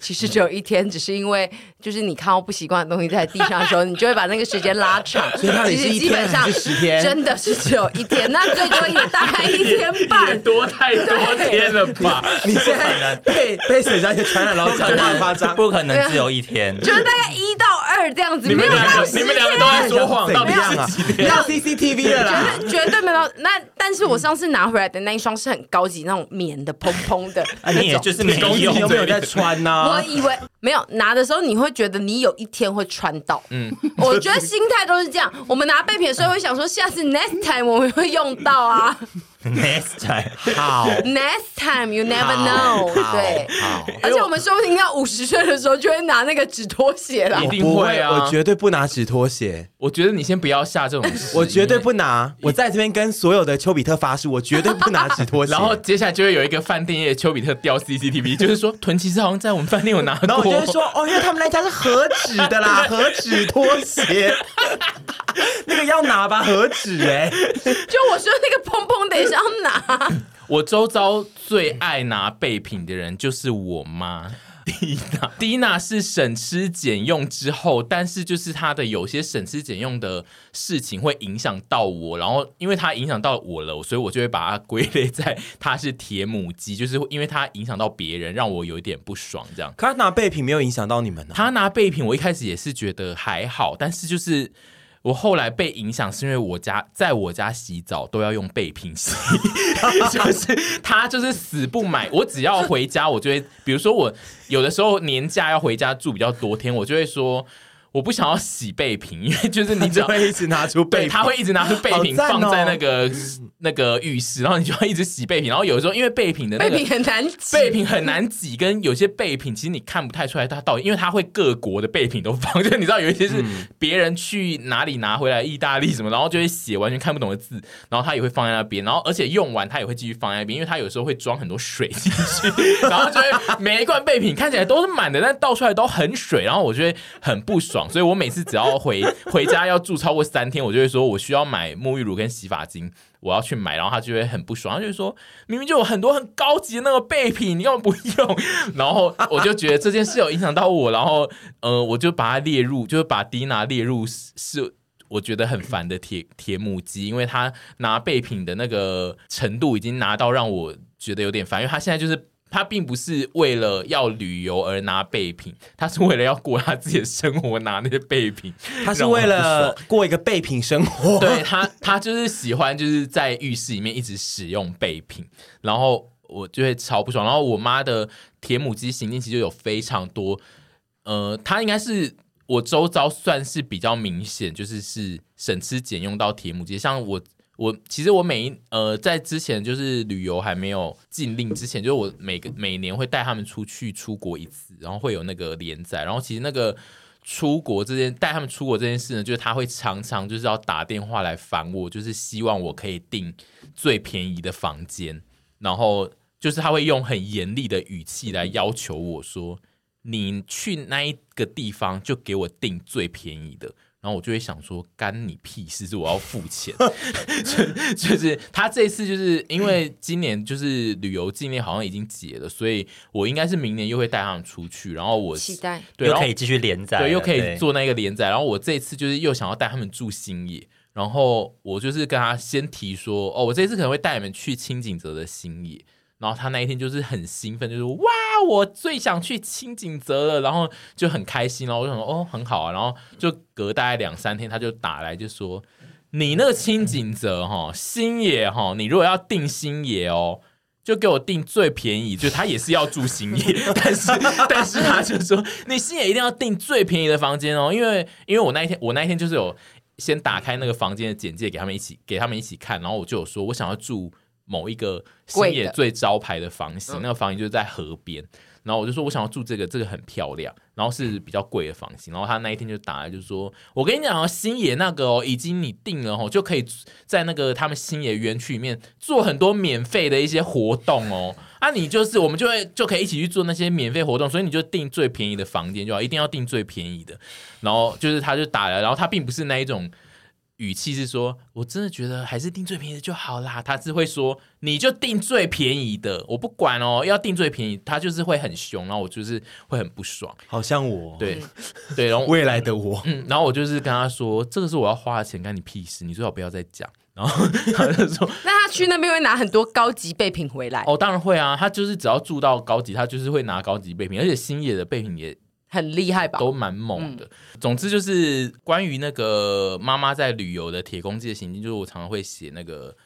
[SPEAKER 3] 其實只有一天，只是因為就是你看到不習慣的東西在地上的時候，你就會把那個時間拉長。 其實基本上是十天，真的是只有一天，那 最 多也大概一天半多，太多天了吧？你 不很可難
[SPEAKER 1] 能。被被沈小姐傳染了，然後長
[SPEAKER 3] 得，很誇張，不可能只有一
[SPEAKER 1] 天，
[SPEAKER 4] 就是
[SPEAKER 3] 大概一到。二這樣子，你們兩個有有、啊，你們兩個都愛說謊，
[SPEAKER 1] 到底是怎樣、啊怎樣啊、到 CCTV 了啦，
[SPEAKER 3] 絕對沒有那。但是我上次拿回來的那一雙是很高級，那種棉的蓬蓬的那、 啊、你也就
[SPEAKER 1] 是沒有有沒有在穿吶、啊。我
[SPEAKER 3] 以為 沒有拿的時候，你會覺得你有一天會穿到。嗯，我覺得心態都是這樣。 我們拿備品，所以會想說下次 next time 我們會用到啊。
[SPEAKER 5] next
[SPEAKER 1] time 好
[SPEAKER 3] ，next time you never know 對。對，而且我們說不定要五十歲的時候就會拿那個紙拖鞋啦。一定會啊，啊，我絕
[SPEAKER 1] 對不拿紙拖鞋。我覺得你先不要下這種， 我
[SPEAKER 2] 絕對不拿。我在這邊跟
[SPEAKER 1] 所有的秋。邱比特發誓，我絕對不拿紙
[SPEAKER 2] 拖鞋。 然後接下來就會有一個飯店業，邱比特掉 CCTV， 就是說豚騎士好像在我們飯店有拿過。
[SPEAKER 1] 然後我就會說，
[SPEAKER 3] 哦，因為他們那家是何止的啦，何
[SPEAKER 1] 止
[SPEAKER 2] 拖鞋， 那個要拿吧，何止哎，
[SPEAKER 3] 就我說那個砰砰，等一下要拿。
[SPEAKER 2] 我周遭最愛拿備品的人就是我媽。蒂娜，蒂娜是省吃儉用之後，但是就是她的有些省吃儉用的事情會影響到我，然後因為她影響到我了，所以我就會把它歸類在她是鐵母雞，就是因為她影響到別人，讓我有點不爽這樣。可他拿備品沒有影響到你們呢、啊？他拿備品，我一開始也是覺得還好，但是就是。我後來被影響，是因為我家在我家洗澡都要用備品洗，就是他就是死不買，我只要回家，我就會，比如說我有的時候年假要回家住比較多天，我就會說。我不想要洗備品，因為就是你只會一
[SPEAKER 1] 直拿出備，它會一直拿出備品放在那
[SPEAKER 2] 個那個浴室，然後你就要一直洗備品。然後有的時候因為備品的那個很難備品很難擠，嗯，跟有些備品其實你看不太出來它到底因為它會各國的備品都放，就是你知道有一些是別人去哪裡拿回來意，嗯、大利什麼，然後就會寫完全看不懂的字，然後他也會放在那邊，然後而且用完他也會繼續放在那邊，因為他有時候會裝很多水進去， 然後就會每一罐備品看起來都是滿的，但倒出來都很水，然後我覺得很不爽。所以，我每次只要回回家要住超過三天，我就會說我需要買沐浴乳跟洗髮精，我要去買。然後他就會很不爽，他就會說：“明明就有很多很高級的那個備品，你用不用？”然後我就覺得這件事有影響到我，然後呃，我就把它列入，就是把迪娜列入是，是我覺得很煩的鐵鐵母雞，因為他拿備品的那個程度已經拿到讓我覺得有點煩，因為他現在就是。他並不是為了要旅遊而拿備品，他是為了要過他自己的生活拿那些備品，他是為了
[SPEAKER 1] 過一個備品生
[SPEAKER 2] 活。 對，他，他就是喜歡就是在浴室裡面一直使用備品， 然後我就會超不爽。然後我媽的鐵母雞行徑其實有非常多，呃，他應該是我周遭算是比較明顯，就是是省吃儉用到鐵母雞，像我。我其實我每一呃，在之前就是旅遊還沒有禁令之前，就是我每個每年會帶他們出去出國一次，然後會有那個連載。然後其實那個出國這件帶他們出國這件事呢，就是他會常常就是要打電話來煩我，就是希望我可以訂最便宜的房間，然後就是他會用很嚴厲的語氣來要求我說：“你去那一個地方就給我訂最便宜的。”然後我就會想說，幹你屁事！是我要付錢， 就是他這次就是因為今年就是旅遊禁令好像已經解了，嗯，所以我應該是明年又會帶他們出去。然後我期待對，又可以繼續連載，對，對，又可以做那個連載。然後我這次就是又想要帶他們住星野，然後我就是跟他先提說，哦，我這次可能會帶你們去輕井澤的星野。然後他那一天就是很興奮，就說哇，我最想去輕井澤了，然後就很開心了。我就想說，哦，很好啊。然後就隔大概兩三天，他就打來就說：“你那個輕井澤哈，星野哈，你如果要訂星野哦，就給我訂最便宜，就是他也是要住星野， 但是但是他就說，你星野一定要訂最便宜的房間哦，因為因為我那一天我那一天就是有先打開那個房間的簡介給他們一起給他們一起看，然後我就有說我想要住。”某一個星野最招牌的房型，那個房型就是在河邊、嗯。然後我就說，我想要住這個，這個很漂亮，然後是比較貴的房型。然後他那一天就打來，就說，我跟你講哦、啊，星野那個哦，已經你訂了哦，就可以在那個他們星野園區裡面做很多免費的一些活動哦。啊，你就是我們就會就可以一起去做那些免費活動，所以你就訂最便宜的房間就好，一定要訂最便宜的。然後就是他就打來，然後他並不是那一種。語氣是說，我真的覺得還是訂最便宜的就好啦。他是會說，你就訂最便宜的，我不管哦，要訂最便宜。他就是會很凶，然後我就是會很不爽，好像我對對，然後未來的我、嗯，然後我就是跟他說，這個是我要花的錢，干你屁事，你最好不要再講。然後他就
[SPEAKER 3] 說，那他去那邊會拿很多高級備品回來。哦，
[SPEAKER 2] 當然會啊，他就是只要住到高級，他就是會拿高級備品，而且星野的備品也。
[SPEAKER 3] 很厲害吧？都蠻猛的。嗯。
[SPEAKER 2] 總之就是關於那個媽媽在旅遊的鐵公雞的行徑，就是我常常會寫那個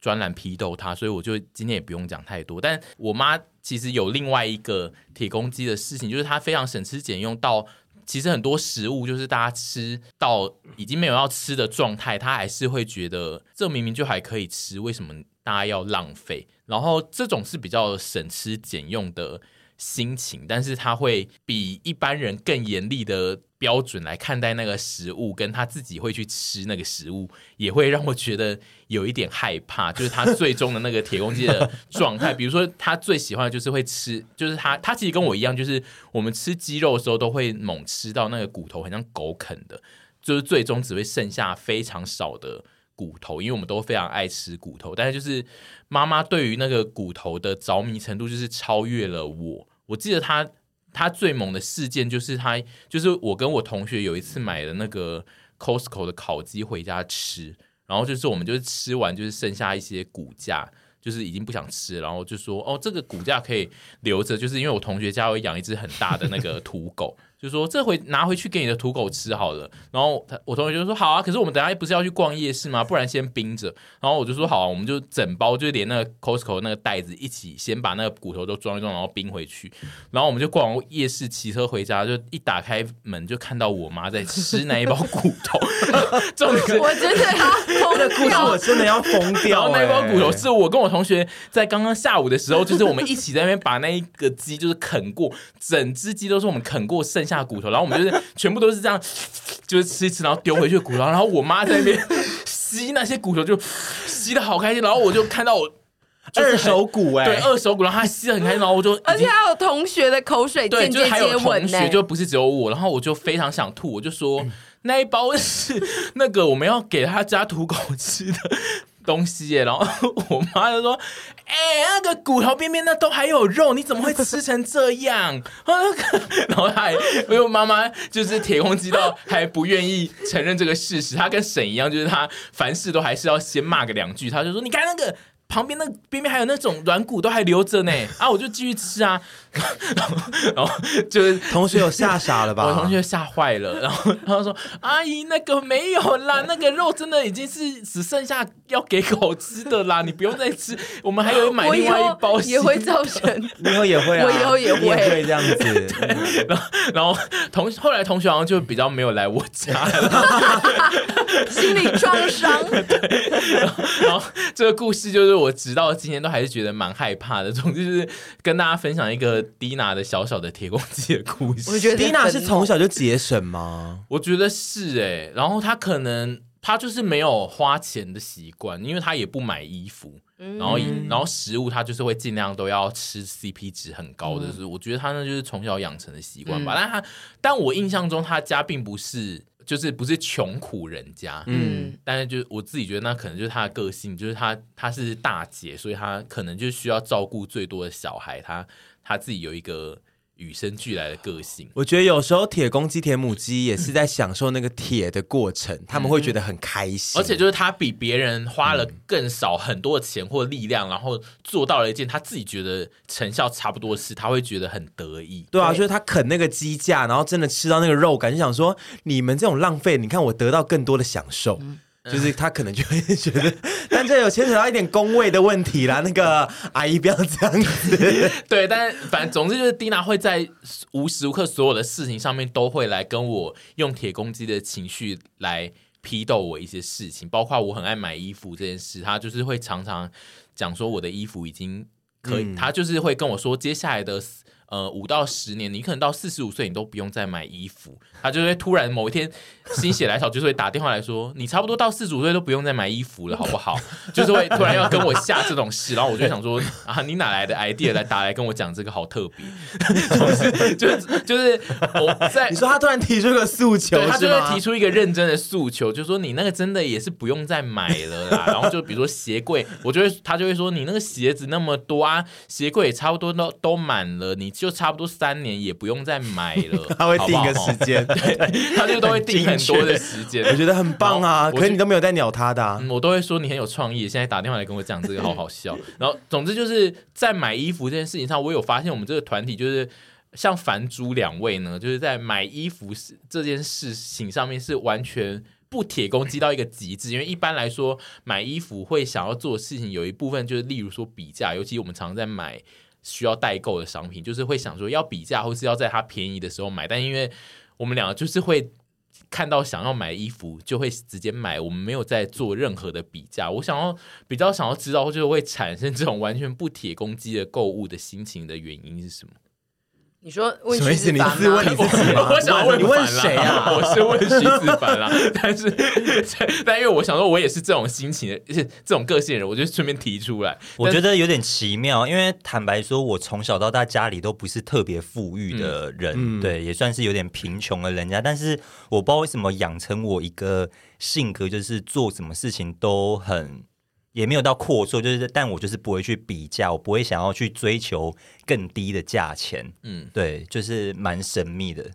[SPEAKER 2] 專欄批鬥她，所以我就今天也不用講太多。但我媽其實有另外一個鐵公雞的事情，就是她非常省吃儉用，到其實很多食物就是大家吃到已經沒有要吃的狀態，她還是會覺得這明明就還可以吃，為什麼大家要浪費？然後這種是比較省吃儉用的。心情，但是他會比一般人更嚴厲的標準來看待那個食物，跟他自己會去吃那個食物，也會讓我覺得有一點害怕。就是他最終的那個鐵公雞的狀態， 比如說他最喜歡的就是會吃，就是他他其實跟我一樣，就是我們吃雞肉的時候都會猛吃到那個骨頭，很像狗啃的，就是最終只會剩下非常少的。骨頭，因為我們都非常愛吃骨頭，但是就是媽媽對於那個骨頭的着迷程度，就是超越了我。我記得她，她最猛的事件就是她，就是我跟我同學有一次買了那個 Costco 的烤雞回家吃，然後就是我們就是吃完就是剩下一些骨架，就是已經不想吃，然後就說哦，這個骨架可以留着，就是因為我同學家會養一只很大的那個土狗。 就說，這回拿回去給你的土狗吃好了。然後他我同學就說好啊，可是我們等下不是要去逛夜市嗎？不然先冰着。然後我就說好啊，我們就整包，就連那個 Costco 那個袋子一起，先把那個骨頭都裝一裝，然後冰回去。然後我們就逛完夜市，騎車回家，就一打開門就看到我媽在吃那一包骨頭。 就是、 我真的要瘋的骨頭，我真的要瘋掉。那 一那包骨頭是我跟我同學在剛剛下午的時候， 就是我們一起在那邊把那一個雞就是啃過，整隻雞都是我們啃過剩下骨頭，然後我們就是全部都是這樣，就是吃一吃，然後丟回去的骨頭，然後我媽在那邊吸那些骨頭就，就吸得好開心，然後我就看到我、就是、二手骨哎、欸，對二手骨，然後她吸得很開心，然後我就而且還
[SPEAKER 3] 有同學的口水間接接吻、欸，對，就還有同學就
[SPEAKER 2] 不是只有我，然後我就非常想吐，我就說、
[SPEAKER 3] 嗯、那一包是
[SPEAKER 2] 那個我們要給他家土狗吃的。東西耶、欸，然後我媽就說：“哎、欸，那個骨頭邊邊那都還有肉，你怎麼會吃成這樣？” 然後她還，我媽媽就是鐵公雞到還不願意承認這個事實，她跟沈一樣，就是她凡事都還是要先罵個兩句，她就說：“你看那個。”旁邊那邊邊還有那種軟骨都還留着呢，啊，我就繼續吃啊 然後，然後就是同學有嚇傻了吧？我同學嚇壞了，然後他說：“阿 姨，哎，那個沒有啦，那個肉真的已經是只剩下要給狗吃的啦，你不用再吃。我們還有買另外一包，我也會造成以後 也會啊，以後也會這樣子，對。然後，然後同後來同學好像就比較沒有來我家了，
[SPEAKER 5] 心理創創傷。
[SPEAKER 2] 對，然後，然後這個故事就是。”我直到今天都還是覺得蠻害怕的，總、就、之是跟大家分享一個蒂娜的小小的鐵公雞的故事。 我覺得蒂娜是從
[SPEAKER 1] 小就節省嗎？
[SPEAKER 2] 我覺得是哎、欸，然後她可能她就是沒有花錢的習慣，因為她也不買衣服，然後、嗯、然後食物她就是會盡量都要吃 CP 值很高的，是、嗯、我覺得她那就是從小養成的習慣吧。嗯、但她但我印象中她家並不是。就是不是窮苦人家，嗯，但是就我自己覺得，那可能就是她的個性，就是她她是大姐，所以她可能就需要照顧最多的小孩，她她自己有一個。與生俱來的個性，
[SPEAKER 1] 我覺得有時候鐵公雞、鐵母雞也是在享受那個鐵的過程，嗯、他們會覺得很開心。而且
[SPEAKER 2] 就是他比別人花了更少很多錢或力量，嗯、然後做到了一件他自己覺得成效差不多的事，他會覺得很得意。對，對啊，所以、就是他
[SPEAKER 1] 啃那個雞架，然後真的吃到那個肉，感覺想說你們這種浪費，你看我得到更多的享受。嗯就是他可能就會覺得，但這有牽扯到一點工位的問題啦。那個阿姨不要這樣
[SPEAKER 2] 子。 對，但反正總之就是蒂娜會在無時無刻所有的事情上面都會來跟我用鐵公雞的情緒來批鬥我一些事情，包括我很愛買衣服這件事，她就是會常常講說我的衣服已經可以、嗯，她就是會跟我說接下來的。呃，五到十年，你可能到四十五歲，你都不用再買衣服。他就會突然某一天心血來潮，就是會打電話來說：“你差不多到四十五歲都不用再買衣服了，好不好？” 就是會突然要跟我下這種事，然後我就想說：“啊，你哪來的 idea 來打來跟我講這個好特別？”就是就是我在 你說他突然提出了訴求，他就會提出一個認真的訴求，就是說：“你那個真的也是不用再買了啦。”然後就比如說鞋櫃，我就會他就會說：“你那個鞋子那麼多啊，鞋櫃也差不多都都滿了。”你。就差不多三年也不用再買了， 他
[SPEAKER 1] 會定一個時間，好
[SPEAKER 2] 好 對，他就都會定很多的時間， 我覺
[SPEAKER 1] 得很棒啊。可是你都沒有在鳥他的，
[SPEAKER 2] 我都會說你很有創意。 現在打電話來跟我講這個，好好笑。然後，總之就是在買衣服這件事情上，我有發現我們這個團體就是像凡豬兩位呢，就是在買衣服這件事情上面是完全不鐵公雞到一個極致。 因為一般來說買衣服會想要做的事情有一部分就是例如說比價，尤其我們常在買。需要代購的商品，就是會想說要比價，或是要在它便宜的時候買。但因為我們兩個就是會看到想要買衣服，就會直接買，我們沒有再做任何的比價。我想要比較，想要知道，就是會產生這種完全不鐵公雞的購物的心情的原因是什麼？
[SPEAKER 3] 你說問？什麼意
[SPEAKER 2] 思？你自問你自己我，我想問你問誰呀？我是問徐子凡啦。但是但因為我想說，我也是這種心情的，是這種個性的人，我就順便提出來。我
[SPEAKER 4] 覺得有點奇妙，因為坦白說，我從小到大家裡都不是特別富裕的人，嗯、對，也算是有點貧窮的人家、嗯。但是我不知道為什麼養成我一個性格，就是做什麼事情都很。也沒有到闊綽，就是但我就是不會去比價，我不會想要去追求更低的價錢。嗯，對，就是蠻神秘的，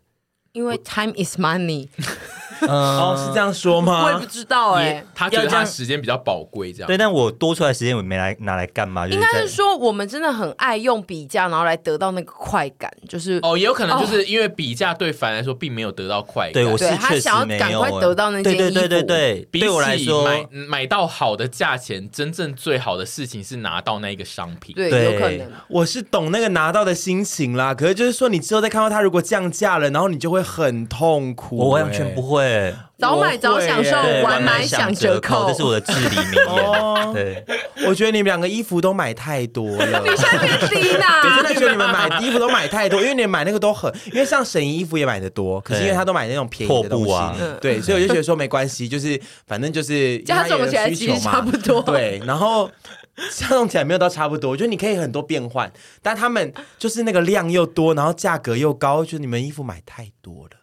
[SPEAKER 3] 因為 time is money。 哦，是這樣說嗎？
[SPEAKER 2] 我也不知道哎、欸。他覺得他時間比較寶貴，這樣，這樣對。
[SPEAKER 4] 但我多出來時間，我沒來拿來幹嘛？就
[SPEAKER 2] 是、應該是說，
[SPEAKER 3] 我們真的很愛用比價，然後來得到那個快感。就是哦，也有可能就是
[SPEAKER 2] 因為比價對凡來說並沒有得到快感。哦、對，我是確實沒有。他想要趕快得到那件衣服。對，對對對對對，對我來說，來說買買到好的價錢，真正最好的事情是拿到那個商品。
[SPEAKER 1] 對，有可能。我是懂那個拿到的心情啦，可是就是說，你之後再看到他如果降價了，然後你就會很痛苦。Oh, 我完全不會。對，早買早享受，想，晚買享折扣，這是我的至理名言、 哦。對，我覺得你們兩個衣服都買太多了。 你現在在聽嗎？覺得你們買 衣服都買太多，因為你們買那個都很，因為像沈怡衣服也買的多，可是因為他都買那種便宜的東西對。啊，對，所以我就覺得說沒關係，就是反正就是加總起來其實差不多。對，然後加總起來沒有到差不多，我覺得你可以很多變換，但他們就是那個量又多，然後價格又高，就得你們衣服買
[SPEAKER 2] 太多了。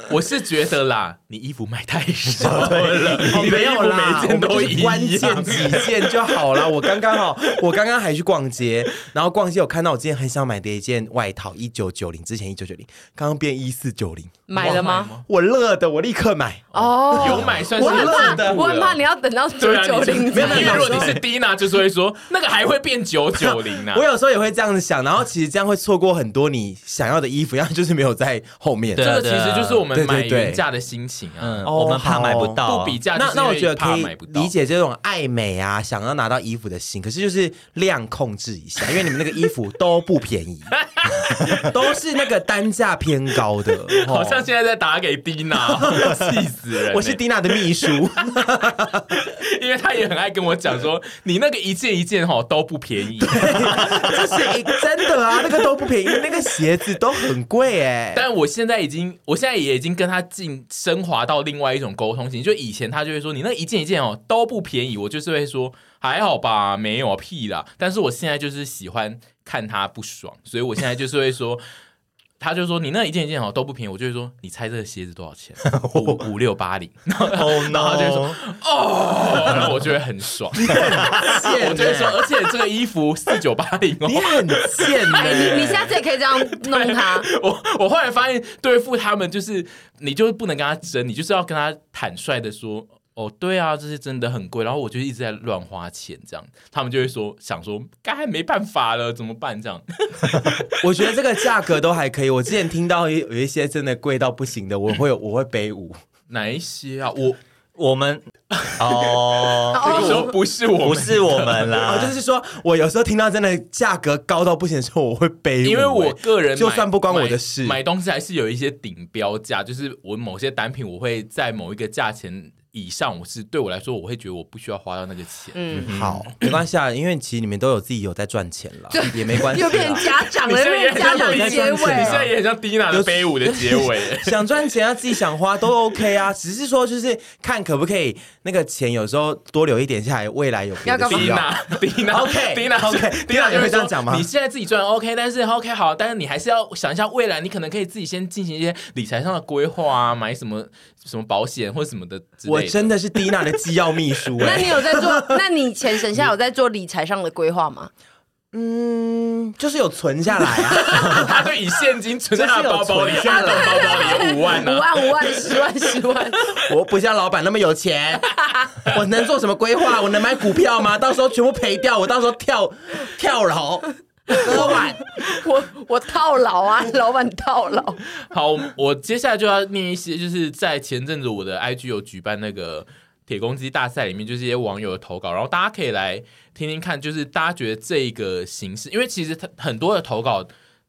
[SPEAKER 2] 我是覺得啦，你衣服買太少了。 你的每件、哦、沒有啦，都關鍵幾件就
[SPEAKER 1] 好了。 我剛剛好我剛剛還去逛街，然後逛街我看到我今天很想買的一件外套，一九九零之前一九九零，剛剛變一四九零，買了嗎？我樂的，我立刻買
[SPEAKER 3] 哦，有買算是我很怕的，我很怕你要等到九九零。沒有 如果你是
[SPEAKER 2] Dina，就會說那個還會變九九零呢。我有
[SPEAKER 1] 時候也會這樣子想，然後其實這樣會錯過很多你想要的衣服，然後就是沒有在後面。這個其實就是我們。買原價
[SPEAKER 2] 的心情啊，對對對嗯 oh, 我們怕買不到，不比價。那那我,我覺得可以
[SPEAKER 1] 理解這種愛美啊,啊，想要拿到衣服的心。可是就是量控制一下， 因為你們那個衣服都不便宜， 都是那個單價偏高的、 哦。好像
[SPEAKER 2] 現在在打給蒂娜、哦，氣 死人！我是蒂
[SPEAKER 1] 娜的秘書，
[SPEAKER 2] 因為他也很愛跟我講說，你那個一件一件哈、哦、都不便宜， 這
[SPEAKER 1] 是一真的啊，那個都不便宜，那個鞋子都很貴哎。 但
[SPEAKER 2] 我現在已經，我現在也已經。跟他進升華到另外一種溝通性，就以前他就會說你那一件一件哦都不便宜，我就是會說還好吧，沒有屁啦。但是我現在就是喜歡看他不爽，所以我現在就是會說。 他就說你那一件一件哦都不便宜，我就說你猜這個鞋子多少錢？五五六八零，然後他、oh no. 就說哦，我覺得很爽， 很欸、我覺得說而且這個衣服四九八零，你很賤、欸， 你你下
[SPEAKER 3] 次也可以這樣弄他。
[SPEAKER 2] 我我後來發現對付他們就是你就是不能跟他爭，你就是要跟他坦率地說。哦，對啊，這些真的很貴，然後我就一直在亂花錢，這樣他們就會說，想說該還沒辦法了，怎麼辦？這樣，
[SPEAKER 1] 我覺得這個價格都還可以。 我之前聽到有有一些真的貴到不行的，我會 我，我會背五。哪
[SPEAKER 2] 一些啊？我我們哦，時、oh, 候不是我，不是我們啦， 哦、就是說
[SPEAKER 1] 我有時候聽到真的價格高到不行的時候，我會背、欸，因為我個人就算不關我的事買，買
[SPEAKER 2] 東西還是有一些頂標價，就是我某些單品我會在某一個價錢。以上我是對我來說，我會覺得我不需要花到那個錢。嗯，好，
[SPEAKER 1] 沒關係啊，因為其實你們都有自己有在賺錢了，也沒關係。又變家長了，又變家長結尾，你現在也很像 Dina，的飛舞的結尾， 想賺錢啊，自己想花都 OK 啊，只是說就是看可不可以那個錢有時候多留一點下來，未來有更重要。Dina，Di
[SPEAKER 2] na，OK，Dina，OK，Di、so, na 也會這樣講嗎？你現在自己賺 OK，但是 OK 好，但是你還是要想一下未來，你可能可以自己先進行一些理財上的規劃啊，買什麼。什麼保險或者什麼的，我
[SPEAKER 1] 真的是蒂娜的機要秘書，欸。 那你
[SPEAKER 3] 有在做？那你錢省下有在做理財上的規劃嗎？ 嗯，就是有存下來
[SPEAKER 1] 啊， 他是以現金存到包包裡，存到、啊啊、包包裡，五萬、啊、 五萬、五萬、十萬、十萬。我不像老闆那麼有錢， 我能做什麼規劃？我能買股票嗎？ 到時候全
[SPEAKER 3] 部賠掉，我到時候跳跳樓。老 板，我我套牢啊！老闆套牢。
[SPEAKER 2] 好，我接下來就要念一些，就是在前陣子我的 IG 有舉辦那個鐵公雞大賽裡面，就是一些網友的投稿，然後大家可以來聽聽看，就是大家覺得這一個形式，因為其實他很多的投稿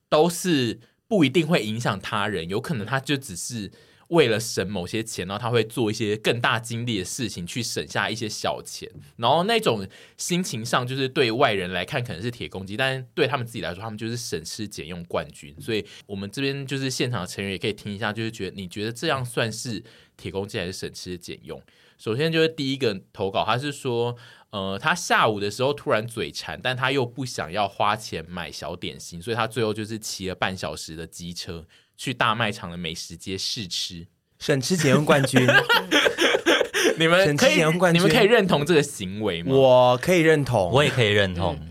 [SPEAKER 2] 都是不一定會影響他人，有可能他就只是。為了省某些錢，然後他會做一些更大精力的事情去省下一些小錢，然後那種心情上就是對外人來看可能是鐵公雞，但是對他們自己來說，他們就是省吃儉用冠軍。所以，我們這邊就是現場的成員也可以聽一下，就是覺得你覺得這樣算是鐵公雞還是省吃儉用？首先就是第一個投稿，他是說，呃，他下午的時候突然嘴饞，但他又不想要花錢買小點心，所以他最後就是騎了半小時的機車，去大賣場的美食街試吃，
[SPEAKER 1] 省吃儉用冠軍。
[SPEAKER 2] 你們可以你們可以認同這個行為嗎？我可以認同，我也可以認同。嗯、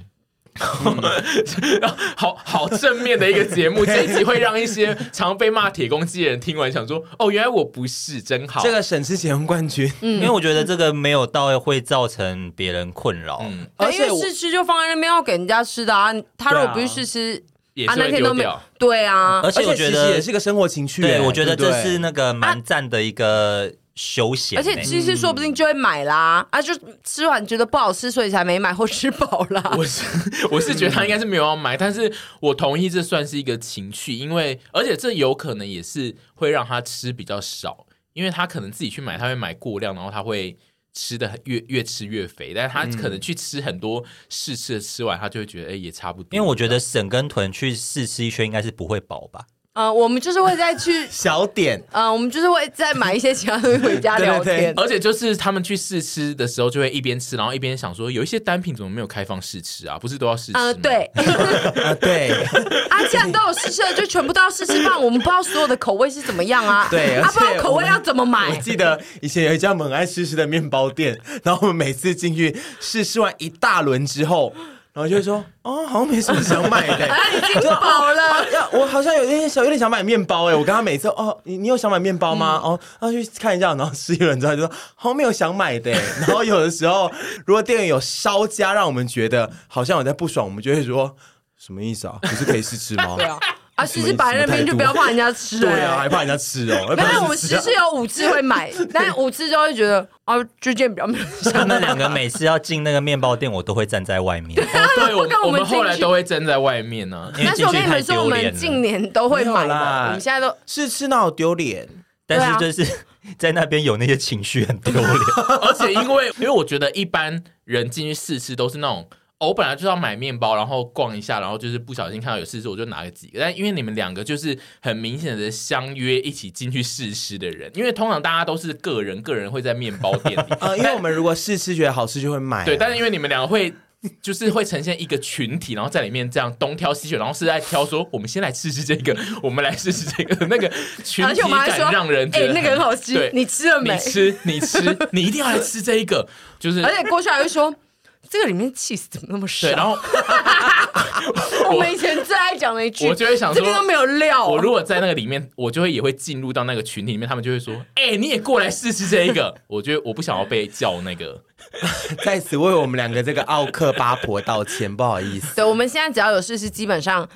[SPEAKER 2] 好好正面的一個節目，這一集會讓一些常被罵鐵公雞的人聽完想說： 哦，原來我不是，真好。這個
[SPEAKER 4] 省吃儉用冠軍，嗯、因為我覺得這個沒有到會，會造成別人困擾，嗯
[SPEAKER 3] 啊，因為試吃就放在那邊要給人家吃的啊。他如果不去試吃。也是、啊，那天都沒有，
[SPEAKER 4] 對啊，而且我覺得其實也是一個生
[SPEAKER 1] 活情趣。對，對，對，對，我覺得這是
[SPEAKER 4] 那個蠻讚的一個
[SPEAKER 2] 休閒。啊，而且其實說不
[SPEAKER 3] 定就會買啦，嗯，啊，就吃完覺得不好吃，所以才沒買，或吃飽啦。我是
[SPEAKER 2] 我是覺得他應該是沒有要買，嗯，但是我同意這算是一個情趣，因為而且這有可能也是會讓他吃比較少，因為他可能自己去買，他會買過量，然後他會。吃的越越吃越肥，但是他可能去吃很多試、嗯、吃的，吃完他就會覺得哎、欸、也差不多。因
[SPEAKER 4] 為我覺得沈跟豚去試吃一圈，應該是不
[SPEAKER 2] 會飽吧？
[SPEAKER 3] 嗯、呃，我們就是會再去小點。嗯、呃，我們就是會再買一些其他東西回家聊天對對對。
[SPEAKER 2] 而且就是他們去試吃的時候，就會一邊吃，然後一邊想說，有一些單品怎麼沒有開放試吃啊？不是都要試吃啊？啊、呃
[SPEAKER 3] 對，
[SPEAKER 2] 呃、對，
[SPEAKER 3] 啊對，啊既然都有試吃了，就全部都要試吃嗎？我們不知道所有的口味是怎麼樣啊？對，啊不知道口味要怎麼買？我記
[SPEAKER 1] 得以前有一家猛愛試吃，吃的麵包店，然後我們每次進去試吃完一大輪之後。然後就會說，哦，好像沒什麼想買的， 就好了。要、哦， 啊，我好像有點想，有點想買麵包哎。我跟他每次，哦，你你有想買麵包嗎？嗯、哦，然後去看一下，然後試一輪之後就說，好像沒有想買的。 然後有的時候，如果店員有稍加讓我們覺得好像有在不爽，我們就會說，什麼意思啊？不是可以試吃嗎？ 對啊。
[SPEAKER 3] 啊，試吃擺在那邊就不要怕人家吃。欸， 對啊，還怕
[SPEAKER 1] 人家吃哦、
[SPEAKER 4] 喔。但是我們試吃
[SPEAKER 3] 有五次會買，但是五次都會覺得啊，這件比較。他們兩
[SPEAKER 4] 個每次要進那個麵包店，我都會站在外面。
[SPEAKER 3] 哦、對，我 我們後來都
[SPEAKER 4] 會站在外面呢、啊。但是我跟你們說，我們近
[SPEAKER 1] 年都會買啦。我你現在都是吃那種丟臉，但是就
[SPEAKER 2] 是在那邊有那些情緒很丟臉，啊、 而且因為因為我覺得一般人進去試吃都是那種。Oh, 我本來就是要買麵包，然後逛一下，然後就是不小心看到有試吃，我就拿了幾個。但因為你們兩個就是很明顯的相約一起進去試吃的人，因為通常大家都是個人，個人會在麵包店裡。 因
[SPEAKER 1] 為我們如果試吃覺得好吃就會買、啊。對，
[SPEAKER 2] 但是因為你們兩個會就是會呈現一個群體，然後在裡面這樣東挑西選，然後是在挑說 我們先來試試這個，我們來試試這個，那個群體感讓人覺得 哎，那個很好吃。對，你吃了沒？你吃你吃你一定要來吃這一個，就是 而且
[SPEAKER 3] 郭還會說。這個裡面起司怎麼那麼少？然後 我們以前最愛講的一句，我就會想說、這個、都沒有料、啊。我如果
[SPEAKER 2] 在那個裡面，我就會也會進入到那個群體裡面，他們就會說：“
[SPEAKER 3] 哎、欸，你也過來試
[SPEAKER 2] 試這個。 我”我覺得我不想要被叫那個，在此為我們兩個這個奧
[SPEAKER 1] 克八婆道歉，不好意
[SPEAKER 3] 思。對，我們現在只要有試試，基本上。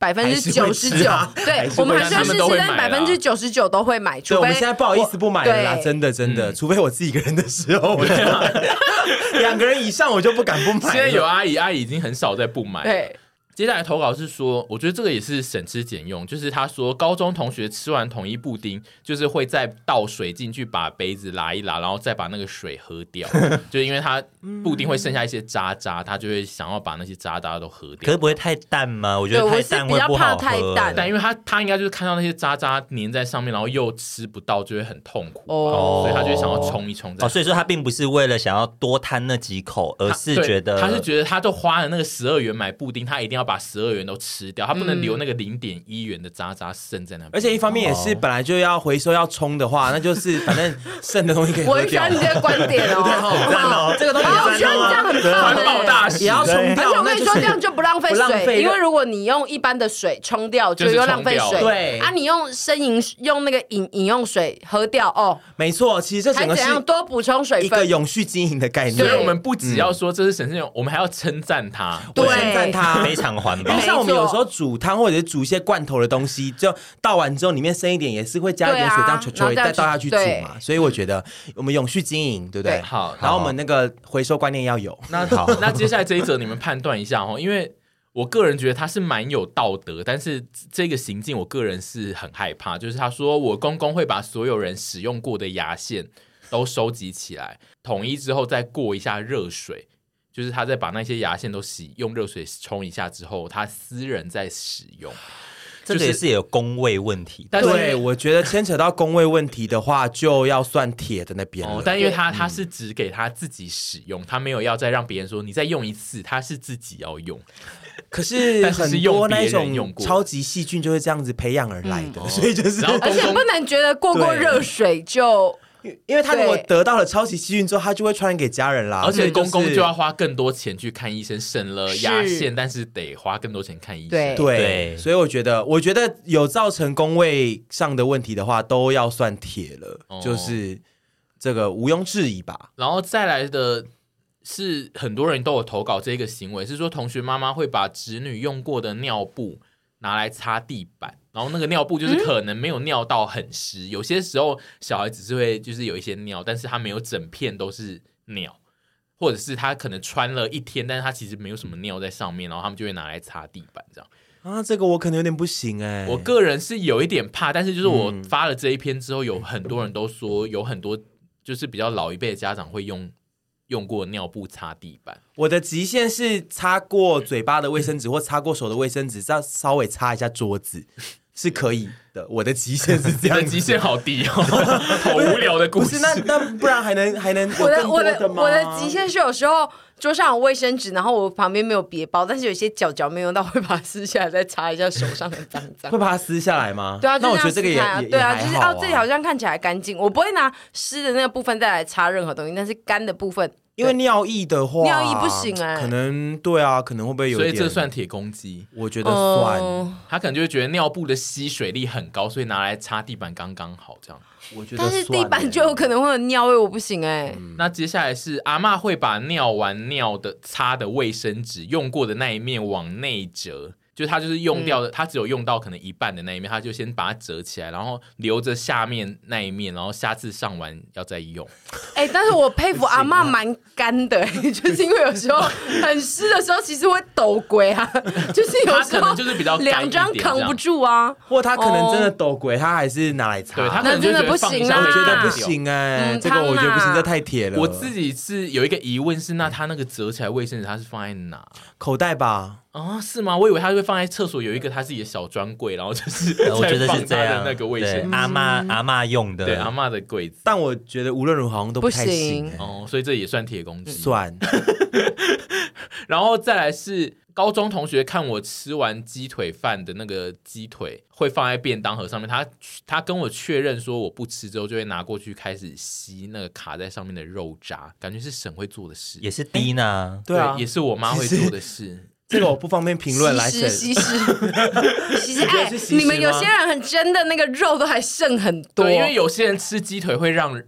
[SPEAKER 3] 百分之九十九，對我們還是要現在百分之九十九都會買，除非，對，我們現在不好意
[SPEAKER 1] 思不買了啦，真的真的，嗯、除非我自己一個人的時候，兩、嗯、 個人以上我就不敢不買了。現在有阿
[SPEAKER 2] 姨，阿姨已經很少在不買了。對。接下來投稿是說，我覺得這個也是省吃儉用，就是他說高中同學吃完統一布丁，就是會再倒水進去，把杯子拉一拉，然後再把那個水喝掉， 就是因為他布丁會剩下一些渣渣，他就會想要把那些渣渣都喝掉。可是不會太淡嗎？我覺得太淡不，不要怕太淡。但因為他他應該就是看到那些渣渣粘在上面，然後又吃不到，就會很痛苦，哦哦，所以他就會想要沖一沖。哦，所
[SPEAKER 4] 以說他並不是為了想要多貪那幾口，而是覺得他，他是
[SPEAKER 2] 覺得他就花了那個十二元買布丁，他一定要。把十二元都吃掉，他不能留那個零點一元的渣渣剩在那邊，嗯。而且一方面也是
[SPEAKER 1] 本來就要回收要衝的話， 那就是反正剩的東西可以衝掉。 我很喜歡你這個觀點哦， 哦、哦、哦、哦、哦，這個東西、啊。好、哦，我覺得這樣很棒，環保大使也要衝掉。而且我跟你說這樣就
[SPEAKER 3] 是、不浪費水，因為如果你用一般的水衝掉，就是衝掉就又浪費水。對啊，你用生飲用那個飲飲用水喝掉哦。
[SPEAKER 1] 沒錯，其實這整個是個怎樣
[SPEAKER 3] 多補充水分，一
[SPEAKER 1] 個永續經營的概念。所以我們不只要
[SPEAKER 2] 說這是省資源，我們還要稱讚它，稱讚它非常。像我們有時候煮湯或者煮一些罐頭
[SPEAKER 1] 的東西，就倒完之後裡面剩一點，也是會加一點水，啊、這樣搓一搓，再倒下去煮嘛。所以我覺得我們永續經營，對不對？對好，然後我們那個回收觀念要有。那好，那、好 那接下
[SPEAKER 2] 來這一則，你們判斷一下哦，因為我個人覺得他是蠻有道德，但是這個行徑，我個人是很害怕。就是他說，我公公會把所有人使用過的牙線都收集起來，統一之後再過一下熱水。就是他在把那些牙線都洗，用熱水沖一下之後，他私人在使用，就是、這也是
[SPEAKER 1] 有公衛問題但。對，我覺得牽扯到公衛問題的話，就要算鐵的那
[SPEAKER 2] 邊、哦。但因為他、嗯、他是只給他自己使用，他沒有要再讓別人說你再用一次，他是自己要用。可是，是很多那種超
[SPEAKER 1] 級細菌就是這樣子培養而來的，嗯哦、所以就是公公而且
[SPEAKER 3] 不能覺得過過熱水就。因為，因為他如果
[SPEAKER 1] 得到了超級細菌之後，他就會傳染給家人啦。而且，公公就要
[SPEAKER 2] 花更多錢去看醫生，省了牙線，但是得花更多錢看醫生對對。對，
[SPEAKER 1] 所以我覺得，我覺得有造成公衛上的問題的話，都要算鐵了、哦，就是這個毋庸置疑吧。
[SPEAKER 2] 然後再來的是很多人都有投稿這個行為，是說同學媽媽會把侄女用過的尿布拿來擦地板。然後那個尿布就是可能沒有尿到很濕，嗯、有些時候小孩只是會就是有一些尿，但是他沒有整片都是尿，或者是他可能穿了一天，但是他其實沒有什麼尿在上面，然後他們就會拿來擦地板這樣
[SPEAKER 1] 啊，這個我可能有點不行哎、欸，我
[SPEAKER 2] 個人是有一點怕，但是就是我發了這一篇之後，有很多人都說有很多就是比較老一輩的家長會用用過尿布擦地板，
[SPEAKER 1] 我的極限是擦過嘴巴的衛生紙、嗯、或擦過手的衛生紙，這樣稍微擦一下桌子。是可以的，我的極限是這
[SPEAKER 2] 樣，極 限好低哦， 好無聊的故事。
[SPEAKER 1] 不是不是那那不然還能還能？我的我的我的極限
[SPEAKER 3] 是有時候桌上有衛生紙，然後我旁邊沒有別包，但是有一些角角沒用到，會把它撕下來再擦一下手上的髒髒。
[SPEAKER 1] 會把它撕下來嗎對？對啊，那我覺得這個也可以對啊，就是哦，這裡好像
[SPEAKER 3] 看起來乾淨，我不會拿濕的那個部分再來擦任何東西，但是乾的部分。因為尿意的話，尿意不行哎、欸，可
[SPEAKER 1] 能
[SPEAKER 2] 對啊，可能會不會有一點，所以這算鐵公雞，我覺得算。哦、他可能就會覺得尿布的吸水力很高，所以拿來擦地板剛剛好這樣。我覺得，但是地板
[SPEAKER 3] 就有可能會有尿味，我不行哎、欸嗯。
[SPEAKER 2] 那接下來是阿嬤會把尿完尿的擦的衛生紙用過的那一面往內折。就他就是用掉的，嗯，他只有用到可能一半的那一面，他就先把它折起來，然後留着下面那一面，然後下次上完要再用。
[SPEAKER 3] 哎、欸，但是我佩服阿嬤蠻幹的、欸啊，就是因為有時候很濕的時候，其實會抖鬼啊， 就是有時候兩張扛不住啊，或他可能真的
[SPEAKER 2] 抖鬼，他還是拿來擦。對，
[SPEAKER 1] 他可能真的不行啊，我覺得不行
[SPEAKER 2] 哎、欸嗯，這個我覺得不行、嗯，這太鐵了。我自己是有一個疑問是，那他那個折起來衛生紙他是放在哪？口袋吧。啊、哦，是嗎？我以為他會放在廁所有一個他自己的小專櫃，然後就是我覺得是這樣的那個位置，阿嬤、嗯、阿
[SPEAKER 1] 嬤用
[SPEAKER 4] 的，對阿
[SPEAKER 2] 嬤的櫃子。
[SPEAKER 1] 但我覺得無論如何好像都不太行,不行哦，
[SPEAKER 2] 所以這也算鐵公雞、嗯。算。 然後再來是高中同學看我吃完雞腿飯的那個雞腿會放在便當盒上面，他他跟我確認說我不吃之後，就會拿過去開始吸那個卡在上面的肉渣，感覺是神會做的事，也是低呢、欸，對,、啊、對也是我媽會做的事。這個我不方便評論。來 施，西施，西 施哎，你們。有些人
[SPEAKER 3] 很真的 那個肉都還剩很多。對，因為有
[SPEAKER 2] 些人吃雞腿會讓